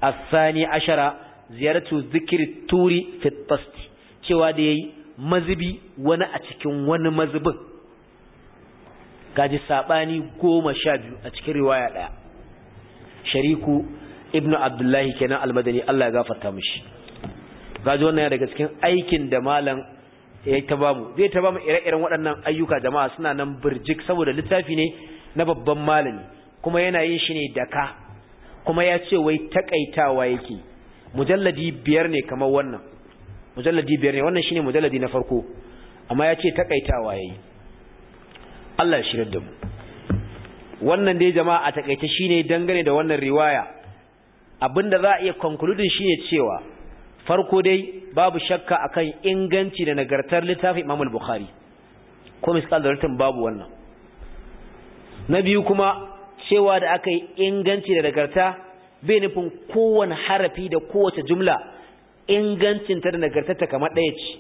asani ashara ziyaratu zikri turi fi tasti cewa da yayi mazubi wani a cikin wani mazubin gaji saɓani goma sha biyu a cikin riwaya ɗaya. shariku ibnu abdullahi kenan almadani Allah ya gafarta mushi gaji wannan daga cikin aikin da malam ya ta bamu zai ta bamu ire-iren waɗannan ayyuka jama'a suna nan birjik saboda littafi ne na babban malami kuma yana yin shi ne daka kuma ya ce wai takaitawa yake mujalladi biyar ne kamar wannan mujalladi biyar ne wannan shine mujalladi na farko amma ya ce takaitawa yayi Allah shirar da mu wannan dai jama'a a takaice shine dangane da wannan riwaya abinda za a iya concluding shine cewa farko dai babu shakka akan inganci da nagartar littafin Imam al-Bukhari ko miskal da babu wannan na biyu kuma cewa da aka yi inganci da nagarta bai nufin kowane harafi da kowace jumla ingancinta da nagartarta kamar ɗaya ce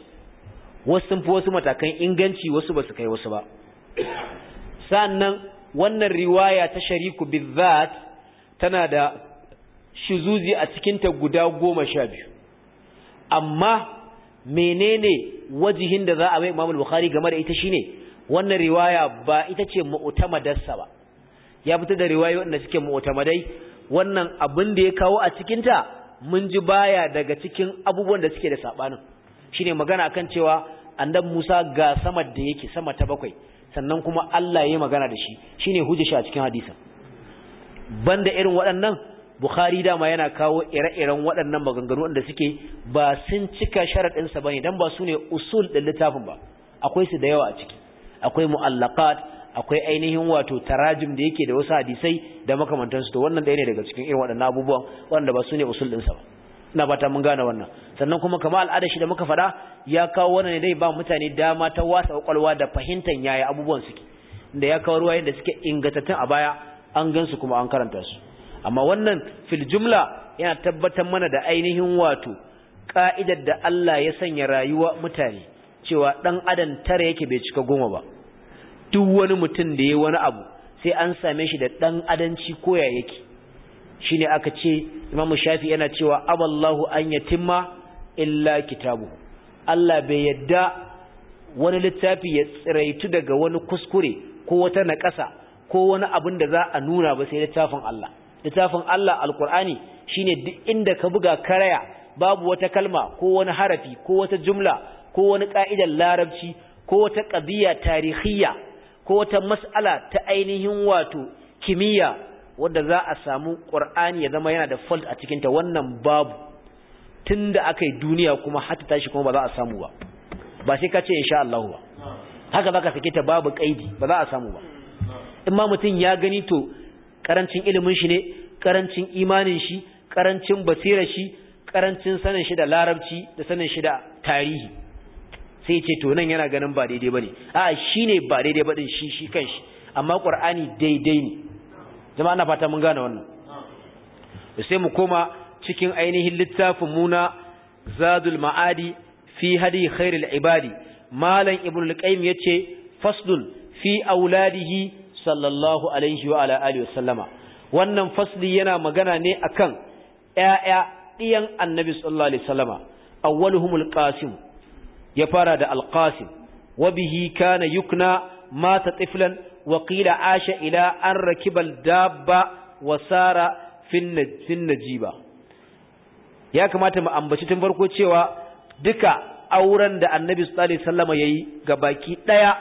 wasu sun fi wasu matakan inganci wasu ba su kai wasu ba sannan wannan riwaya ta shariku bizzat tana da shuzuzi a cikinta guda goma sha biyu amma menene wajihin da za a mai imamul bukhari game da ita shine wannan riwaya ba ita ce mu'tamadarsa ba ya fita da riwaya wanda suke mu'tamadai wannan abin da ya kawo a cikinta mun ji baya daga cikin abubuwan da suke da sabanin shine magana akan cewa annabi Musa ga sama da yake sama ta bakwai sannan kuma Allah ya yi magana da shi shi shine hujja a cikin hadisin banda irin waɗannan Bukhari dama yana kawo ire-iren waɗannan maganganu wanda suke ba sun cika sharaɗinsa ba ne don ba su ne usul ɗin littafin ba akwai su da yawa a ciki akwai mu'allaqat akwai ainihin wato tarajim da yake da wasu hadisai da makamantansu to wannan ɗaya ne daga cikin irin waɗannan abubuwan waɗanda ba su ne usul ɗinsa ba na bata mun gane wannan sannan kuma kamar al'ada shi da muka fada ya kawo wannan ne dai ba mutane dama ta wasa kwakwalwa da fahimtar yaya abubuwan suke da ya kawo ruwaye da suke ingantattun a baya an gansu kuma an karanta su amma wannan fil jumla yana tabbatar mana da ainihin wato ka'idar da Allah ya sanya rayuwa mutane cewa dan adam tare yake bai cika goma ba duk wani mutum da yayi wani abu sai an same shi da dan adanci koya yake ne aka ce imamu shafi yana cewa aballahu an yatimma illa kitabu Allah bai yadda wani littafi ya tsiraitu daga wani kuskure ko wata naƙasa ko wani abin da za a nuna ba sai littafin Allah littafin Allah alkur'ani shine duk inda ka buga karaya babu wata kalma ko wani harafi ko wata jumla ko wani ka'idar larabci ko wata qadiya tarihiyya ko wata mas'ala ta ainihin wato kimiyya wanda za a samu qur'ani ya zama yana da fault a cikinta wannan babu tun da aka yi duniya kuma hata tashi kuma ba za a samu ba ba sai ka ce in sha Allah ba haka ka sake ta babu ƙa'idi ba za a samu ba in ma mutum ya gani to ƙarancin ilimin shi ne ƙarancin imanin shi ƙarancin basirar shi ƙarancin sanin shi da larabci da sanin shi da tarihi sai ce to nan yana ganin ba daidai ba ne a ne ba daidai ba din shi shi kanshi amma qur'ani daidai ne jama'a na fata mun gane wannan sai mu koma cikin ainihin littafin muna zadul ma'adi fi hadi khairul ibadi malam ibnu al-qayyim yace faslun fi auladihi sallallahu alaihi wa ala alihi wasallama wannan fasli yana magana ne akan ƴaƴa ɗiyan annabi sallallahu alaihi wasallama awwaluhumul qasim ya fara da al-qasim wa bihi kana yukna mata tiflan وقيل عاش إلى أن ركب الدابة وسار في jiba. ya kamata mu ambaci tun farko cewa duka auren da annabi sallallahu alaihi wasallam yayi ga baki daya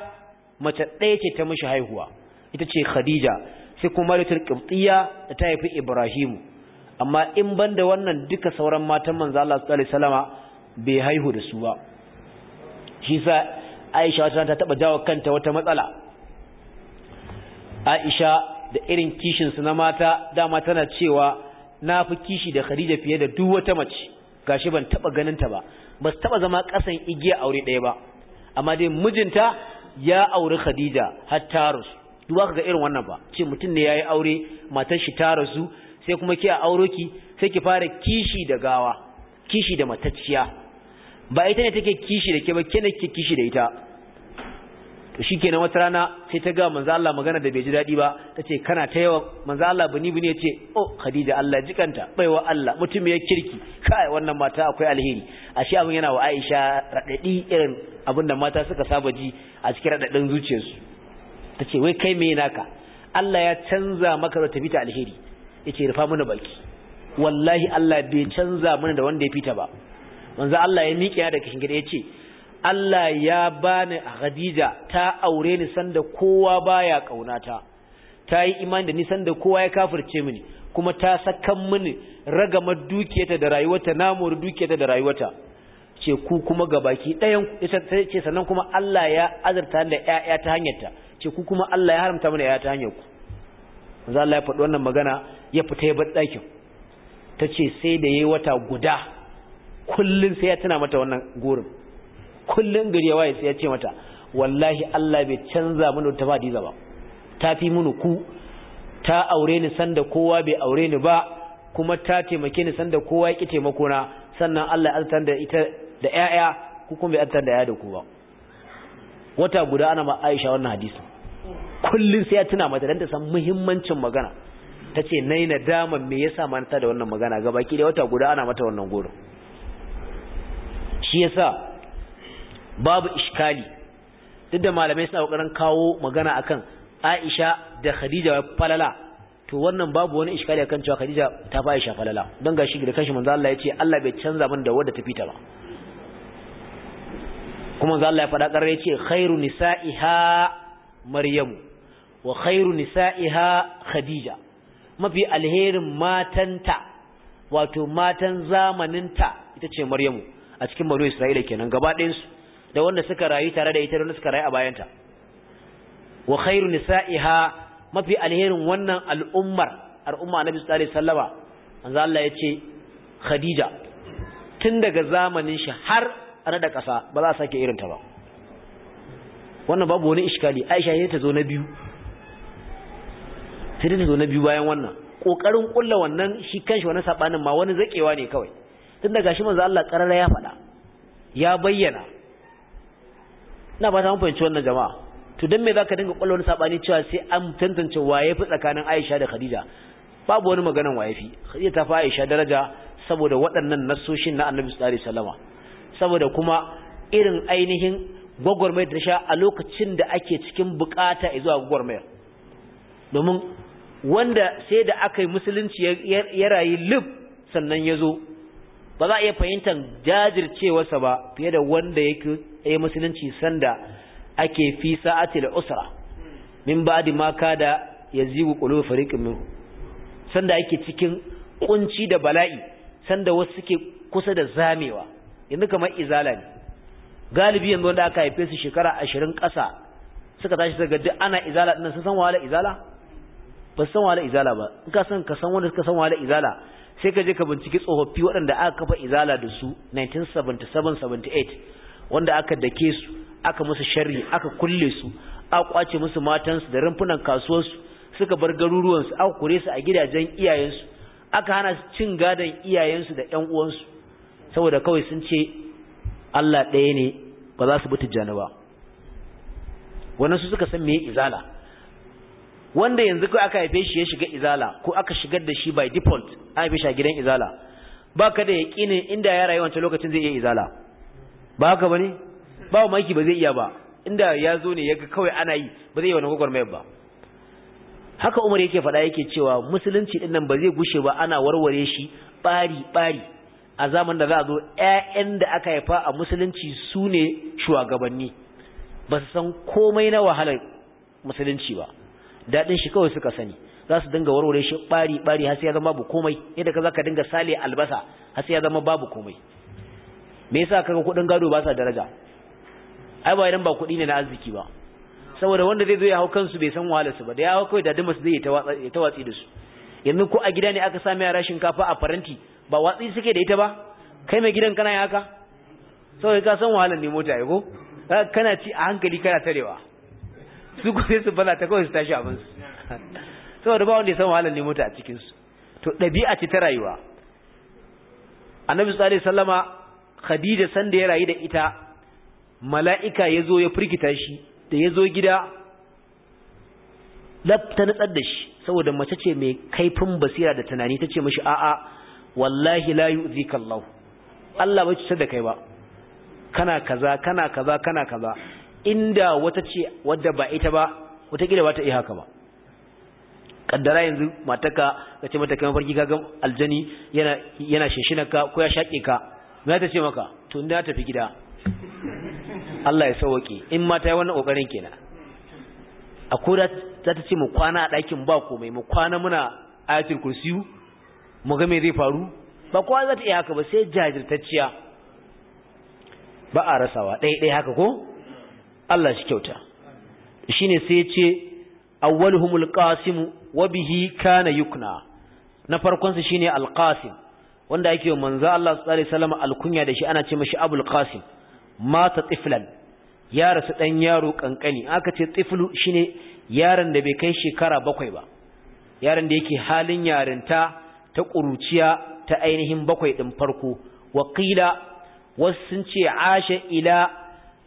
mace daya ce ta mishi haihuwa ita ce khadija sai kuma ritul qibtiyya da ta haifi ibrahim amma in banda wannan duka sauran matan manzo Allah sallallahu alaihi bai haihu da su ba shi sa aisha ta taba jawo kanta wata matsala Aisha da irin kishin su na mata dama tana cewa na fi kishi da Khadija fiye da duk wata mace gashi ban taba ganin ta ba ba taba zama kasan igiya aure ɗaya ba amma dai mijinta ya auri Khadija har ta rasu duba ga irin wannan ba ce mutum ne yayi aure matar shi ta rasu sai kuma ki a auro ki sai ki fara kishi da gawa kishi da matacciya ba ita ne take kishi da ke ba kene ke kishi da ita to kenan wata rana sai ta ga manzo Allah magana da bai ji dadi ba tace kana ta yawa manzo Allah bini bini yace oh Khadija Allah jikanta baiwa Allah mutum ya kirki kai wannan mata akwai alheri ashe abin yana wa Aisha radadi irin da mata suka saba ji a cikin radadin zuciyarsu tace wai kai me naka Allah ya canza maka da tafita alheri yace rufa mana baki wallahi Allah bai canza mana da wanda ya fita ba manzo Allah ya miƙe da kishin gida yace Allah ya bani Khadija ta aure ni sanda kowa baya kaunata ta yi imani da ni sanda kowa ya kafirce mini kuma ta sakan mini ragamar dukiyarta da rayuwarta namur dukiyarta da rayuwarta ce ku kuma gabaki ɗayan ce sannan kuma Allah ya azurta da ƴaƴa ta hanyarta ce ku kuma Allah ya haramta mana ƴaƴa ta hanyar ku manzo Allah ya faɗi wannan magana ya fita ya bar ɗakin tace sai da yayi wata guda kullun sai ya tuna mata wannan gurin Kullum gari ya waye sai ya ce mata wallahi Allah bai canza mun ta Hadiza ba ta fi mun ku ta aure ni sanda kowa bai aure ni ba kuma ta taimake ni sanda kowa yake taimako na sannan Allah ya altar da ita da 'ya'ya ku kuma bai altar da 'ya'ya da ku ba wata guda ana ma Aisha wannan hadisi Kullum sai ya tuna mata dan ta san muhimmancin magana tace nai nadama me yasa ma ta da wannan magana gabaki da wata guda ana mata wannan goro shi yasa babu iskali duk da malamai suna kokarin kawo magana akan Aisha da Khadija falala to wannan babu wani iskali akan cewa Khadija ta fa Aisha falala don gashi da kashi manzo Allah yace Allah bai canza min da wadda ta fita ba kuma manzo Allah ya faɗa ƙarar yace khairu nisa'iha Maryamu wa khairu nisa'iha Khadija mafi alherin matanta wato matan zamaninta ita ce Maryamu a cikin Bani Isra'ila kenan gaba ɗayansu da wanda suka rayu tare da ita da suka rayu a bayanta wa khairu nisa'iha mafi alherin wannan al'ummar al'umma annabi sallallahu alaihi wasallama manzo Allah yace khadija tun daga zamanin shi har ana da kasa ba za a sake irin ta ba wannan babu wani iskali Aisha ne ta zo na biyu sai ta zo na biyu bayan wannan kokarin kulla wannan shi kanshi wannan sabanin ma wani zakewa ne kawai tun daga shi manzo Allah karara ya faɗa ya bayyana ina ba ta mun fahimci wannan jama'a to dan me zaka dinga kwallo wani sabani cewa sai an tantance waye fi tsakanin Aisha da Khadija babu wani maganan waye fi Khadija ta fi Aisha daraja saboda waɗannan nasoshin na Annabi sallallahu alaihi wasallama saboda kuma irin ainihin gwagwarmayar ta sha a lokacin da ake cikin bukata zuwa gwagwarmayar domin wanda sai da aka yi musulunci ya rayu lub sannan ya zo ba za a iya fahimtar jajircewarsa ba fiye da wanda yake tsaye eh, musulunci sanda ake fi sa'atil usra min ba'di ma kada yazigu qulubu fariqin min sanda ake cikin kunci da bala'i sanda wasu suke kusa da zamewa yanzu kamar izala ne galibi yanzu wanda aka haife su shekara ashirin ƙasa suka tashi daga duk ana izala ɗin sun san wahala izala ba san wahala izala ba in ka san ka san wanda suka san wahala izala sai ka je ka binciki tsofaffi waɗanda aka kafa izala da su 1977-78 wanda aka dake su aka musu sharri aka kulle su aka kwace musu matansu da rumfunan kasuwarsu suka bar garuruwansu aka kure su a gidajen iyayensu aka hana su cin gadon iyayensu da ƴan uwansu saboda kawai sun ce Allah ɗaya ne ba za su bi tijjani ba wannan su suka san meye izala wanda yanzu kai aka haife shi ya shiga izala ko aka shigar da shi by default an haife shi a gidan izala ba ka da yaƙinin inda yara rayu lokacin zai iya izala ba haka bane ba maki ba zai iya ba inda ya zo ne yaga kawai ana yi ba zai yi wannan mai ba haka Umar yake faɗa yake cewa musulunci din nan ba zai gushe ba ana warware shi bari bari a zaman da za a zo ƴaƴan da aka haifa a musulunci su ne shugabanni ba su san komai na wahalar musulunci ba daɗin shi kawai suka sani za su dinga warware shi bari bari har sai ya zama babu komai yadda ka zaka dinga sale albasa har sai ya zama babu komai me yasa kaga kudin gado ba sa daraja ai ba idan ba kudi ne na arziki ba saboda wanda zai zo ya hau kansu bai san wahalarsu ba da ya hau kai da dima su zai ya watsi da su yanzu ko a gida ne aka sami yara shinkafa a faranti ba watsi suke da ita ba kai mai gidan kana yi haka saboda ka san wahalar ne mota ko kana ci a hankali kana tarewa su ku sai su bala ta kawai su tashi abin su saboda ba wanda ya san wahalar ne mota a cikin su to ɗabi'a ce ta rayuwa annabi sallallahu alaihi wasallama khadija san da ya rayu da ita mala'ika ya zo ya firgita shi da ya zo gida ta nutsar da shi saboda mace ce mai kaifin basira da tunani ta ce mashi a'a wallahi la yu'zika Allah Allah bai ci da kai ba kana kaza kana kaza kana kaza inda wata ce wadda ba ita ba wata gida ba ta iya haka ba kaddara yanzu mataka ka ce mata kai mafarki ka ga aljani yana yana shishinaka ko ya shake ka za ta ce maka to ta tafi gida Allah ya sauke in ma ta yi wannan kokarin kenan a koda za ta ce mu kwana a ɗakin ba komai mu kwana muna ayatul kursiyu mu ga mai zai faru ba kowa za ta iya haka ba sai jajirtacciya ba a rasawa ɗaya ɗaya haka ko Allah shi kyauta shine sai ya ce awwaluhumul qasim wa bihi kana yukna na farkon su shine alqasim wanda yake manzo Allah sallallahu alaihi wasallam alkunya da shi ana ce mashi Abul Qasim mata tiflan ya rasu dan yaro kankani aka ce tiflu shine yaron da bai kai shekara bakwai ba yaron da yake halin yarinta ta kuruciya ta ainihin bakwai din farko waqila wasu sun ce asha ila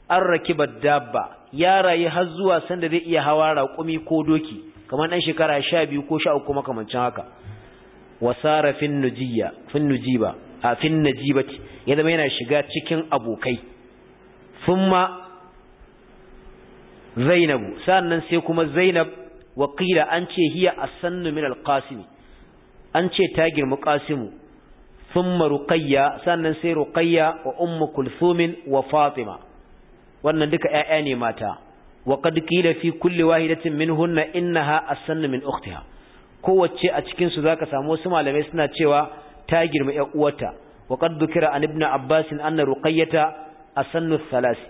arrakibad dabba ya rayu har zuwa sanda zai iya hawa raƙumi ko doki kamar dan shekara 12 ko 13 makamancin haka wasara fin nujiba a fin najibati ya zama yana shiga cikin abokai thumma zainabu sannan sai kuma zainab wakila an ce hiya sannu min alqasim an ce ta girma qasimu thumma Rukayya sannan sai Rukayya wa umma kulthum wa fatima wannan duka ƴaƴa ne mata wa qad qila fi kulli wahidatin minhunna innaha sannu min uktiha kowace a cikinsu za zaka samu wasu malamai suna cewa ta girma ƴan uwarta wa qad dhukira an ibnu abbas anna ruqayyata sannu Salasi,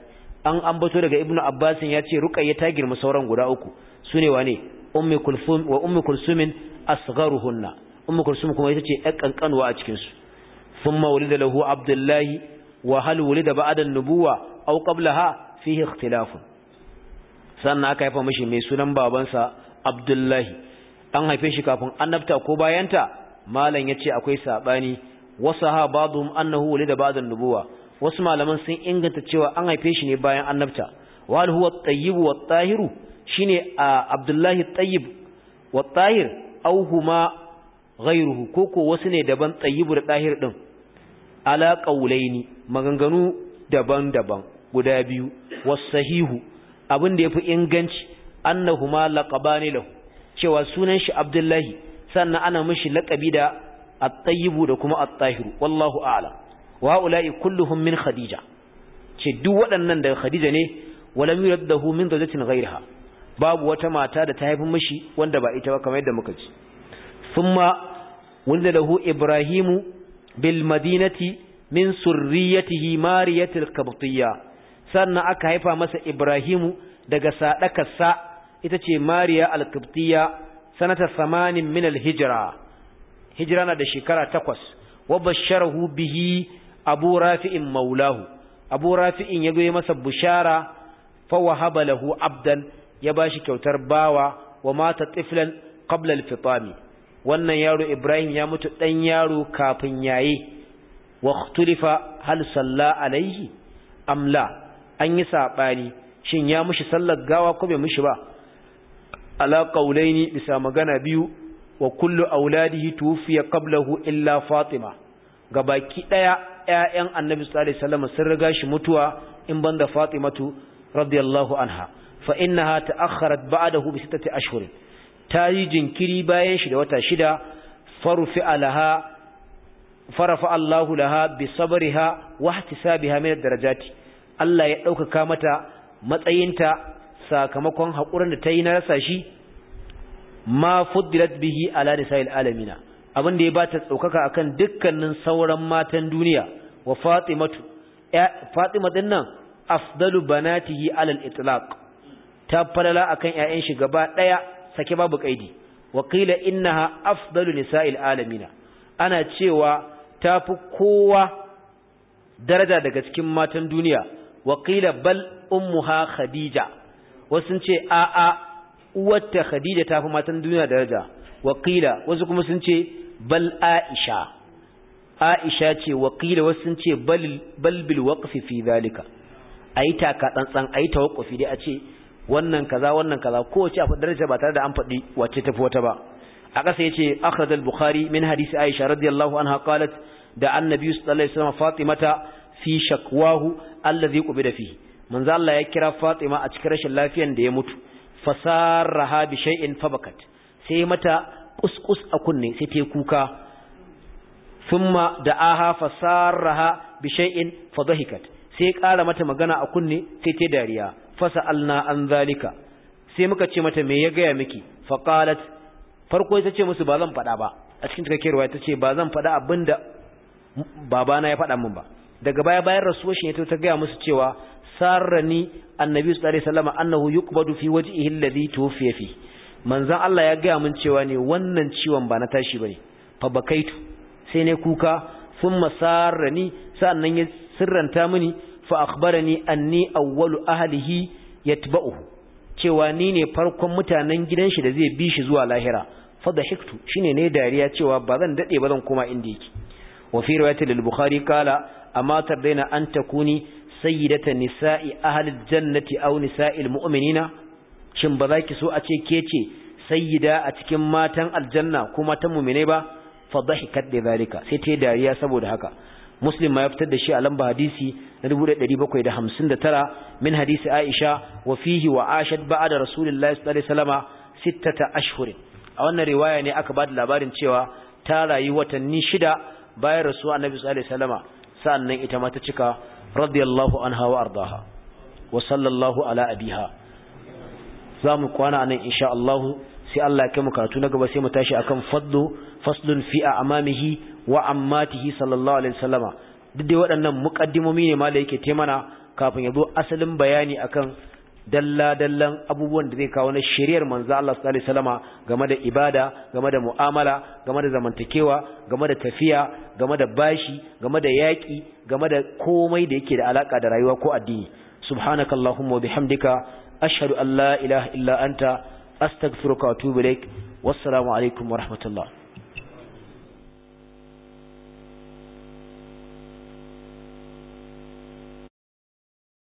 an ambato daga ibnu abbas ya ce ruqayya ta girma sauran guda uku sune wane ummi kulsum wa ummi kulsumin asgharuhunna ummi kulsum kuma ita ce ƴan kankanwa a cikinsu. su thumma da lahu abdullahi wa hal da ba'adan an-nubuwa aw ha fihi ikhtilafun sannan aka haifa mashi mai sunan babansa abdullahi an haife shi kafin annabta ko bayanta malam yace akwai sabani wasaha ba'dhum annahu walida ba'dan nubuwa wasu malaman sun inganta cewa an haife shi ne bayan annabta wal huwa at-tayyib wat-tahiru shine Abdullahi at-tayyib wat-tahir aw huma ghayruhu koko wasu ne daban tayyib da tahir din ala qawlaini maganganu daban-daban guda biyu was-sahihu abin da yafi inganci annahuma laqabani lahu cewa sunan shi Abdullahi sannan ana mishi laƙabi da at da kuma at wallahu a'lam wa ula'i kulluhum min Khadija ce duk waɗannan daga Khadija ne walam yuraddahu min zawjatin ghayriha babu wata mata da ta haifi mashi wanda ba ita ba kamar yadda muka ji thumma wanda lahu Ibrahimu bil madinati min surriyatihi mariyatil qabtiyya sannan aka haifa masa Ibrahimu daga sadakarsa ita ce mariya alkiftiya sanata samanin min hijra hijira na da shekara takwas wa basharahu bihi abu rafi'in maulahu abu rafi'in ya goye masa bushara fa wahaba lahu abdan ya bashi kyautar bawa wa mata tiflan qabla alfitami wannan yaro ibrahim ya mutu dan yaro kafin yayi wa ikhtulifa hal salla alaihi amla an yi sabani shin ya mushi sallar gawa ko bai mushi ba ala qaulaini bisa magana biyu wa kullu auladihi tufiya qablahu illa fatima gabaki daya ƴaƴan annabi sallallahu alaihi wasallam sun riga shi mutuwa in banda fatimatu radiyallahu anha fa innaha ta'akhkharat ba'dahu bi sittati ashhur ta yi jinkiri bayan shi da wata shida farufi alaha farafa Allahu laha bi sabriha wa ihtisabiha min darajati Allah ya ɗaukaka mata matsayinta sakamakon haƙurin da ta yi na rasa shi ma fuddilat bihi ala nisa'il alamina abin da ya ba ta tsaukaka akan dukkanin sauran matan duniya wa fatimatu fatima din nan afdalu banatihi ala al-itlaq ta falala akan ƴaƴan shi gaba daya sake babu kaidi wa qila innaha afdalu nisa'il alamina ana cewa tafi kowa daraja daga cikin matan duniya wa qila bal ummuha khadija wasu sun ce a'a wata khadija ta fi matan duniya daraja wakila wasu kuma sun ce bal aisha aisha ce wakila wasu sun ce bal bil waqfi fi zalika ayi taka tsantsan ayi tawaqqufi dai a ce wannan kaza wannan kaza kowace a daraja ba tare da an faɗi wacce fi wata ba a ƙasa yace akhraj al-bukhari min hadisi aisha radiyallahu anha qalat da annabi sallallahu alaihi wasallam fatimata fi shakwahu allazi qubida fihi manzo Allah ya kira Fatima a cikin rashin lafiyar da ya mutu fasaraha bi shay'in fabakat sai mata kuskus a kunne sai ta kuka thumma da'aha fasaraha bi shay'in fadhahikat sai ƙara mata magana a kunne sai ta dariya fasalna an zalika sai muka ce mata me ya gaya miki faqalat farko ta ce musu ba zan faɗa ba a cikin cikakkiyar waya ce ba zan fada abinda babana ya faɗa min ba daga baya bayan rasuwar shi ne ta gaya musu cewa sarrani annabi sallallahu alaihi wasallam annahu yuqbadu fi wajhihi alladhi tufiya fi manzon Allah ya gaya min cewa ne wannan ciwon ba na tashi bane fa bakaitu sai ne kuka thumma sarrani sannan ya sirranta mini fa akhbarani anni awwalu ahlihi yatba'uhu cewa ni ne farkon mutanen gidan shi da zai bi shi zuwa lahira fa dahiktu shine ne dariya cewa ba zan dade ba zan koma inda yake wa fi riwayati al-bukhari kala amma tardaina an takuni sayyidata nisa'i ahlil jannati aw nisa'il mu'minina shin ba za ki so a ce ke ce sayyida a cikin matan aljanna ko matan mu'mine ba fa dhahikat bi zalika sai ta dariya saboda haka muslim ma ya fitar da shi a lamba hadisi na 1759 min hadisi aisha wa fihi wa ashad ba'da rasulillahi sallallahu alaihi wasallama sittata ashhurin a wannan riwaya ne aka ba da labarin cewa ta rayu watanni shida bayan rasuwa annabi sallallahu alaihi wasallama sannan ita ma ta cika radiyallahu anha wa ardaha wa sallallahu ala abiha za mu kwana nan insha Allah sai Allah ya kai mu karatu na gaba sai mu tashi akan fadlu faslun fi amamihi wa ammatihi sallallahu alaihi wasallama duk dai waɗannan muqaddimomi ne ma da yake te mana kafin ya zo asalin bayani akan dalla-dallan abubuwan da zai kawo na shari'ar manza Allah sallallahu alaihi wasallama game da ibada game da mu'amala game da zamantakewa game da tafiya game da bashi game da yaƙi game da komai da yake da alaka da rayuwa ko addini subhanakallahumma wa bihamdika ashhadu an la ilaha illa anta astaghfiruka wa atubu ilaik wassalamu alaikum wa rahmatullah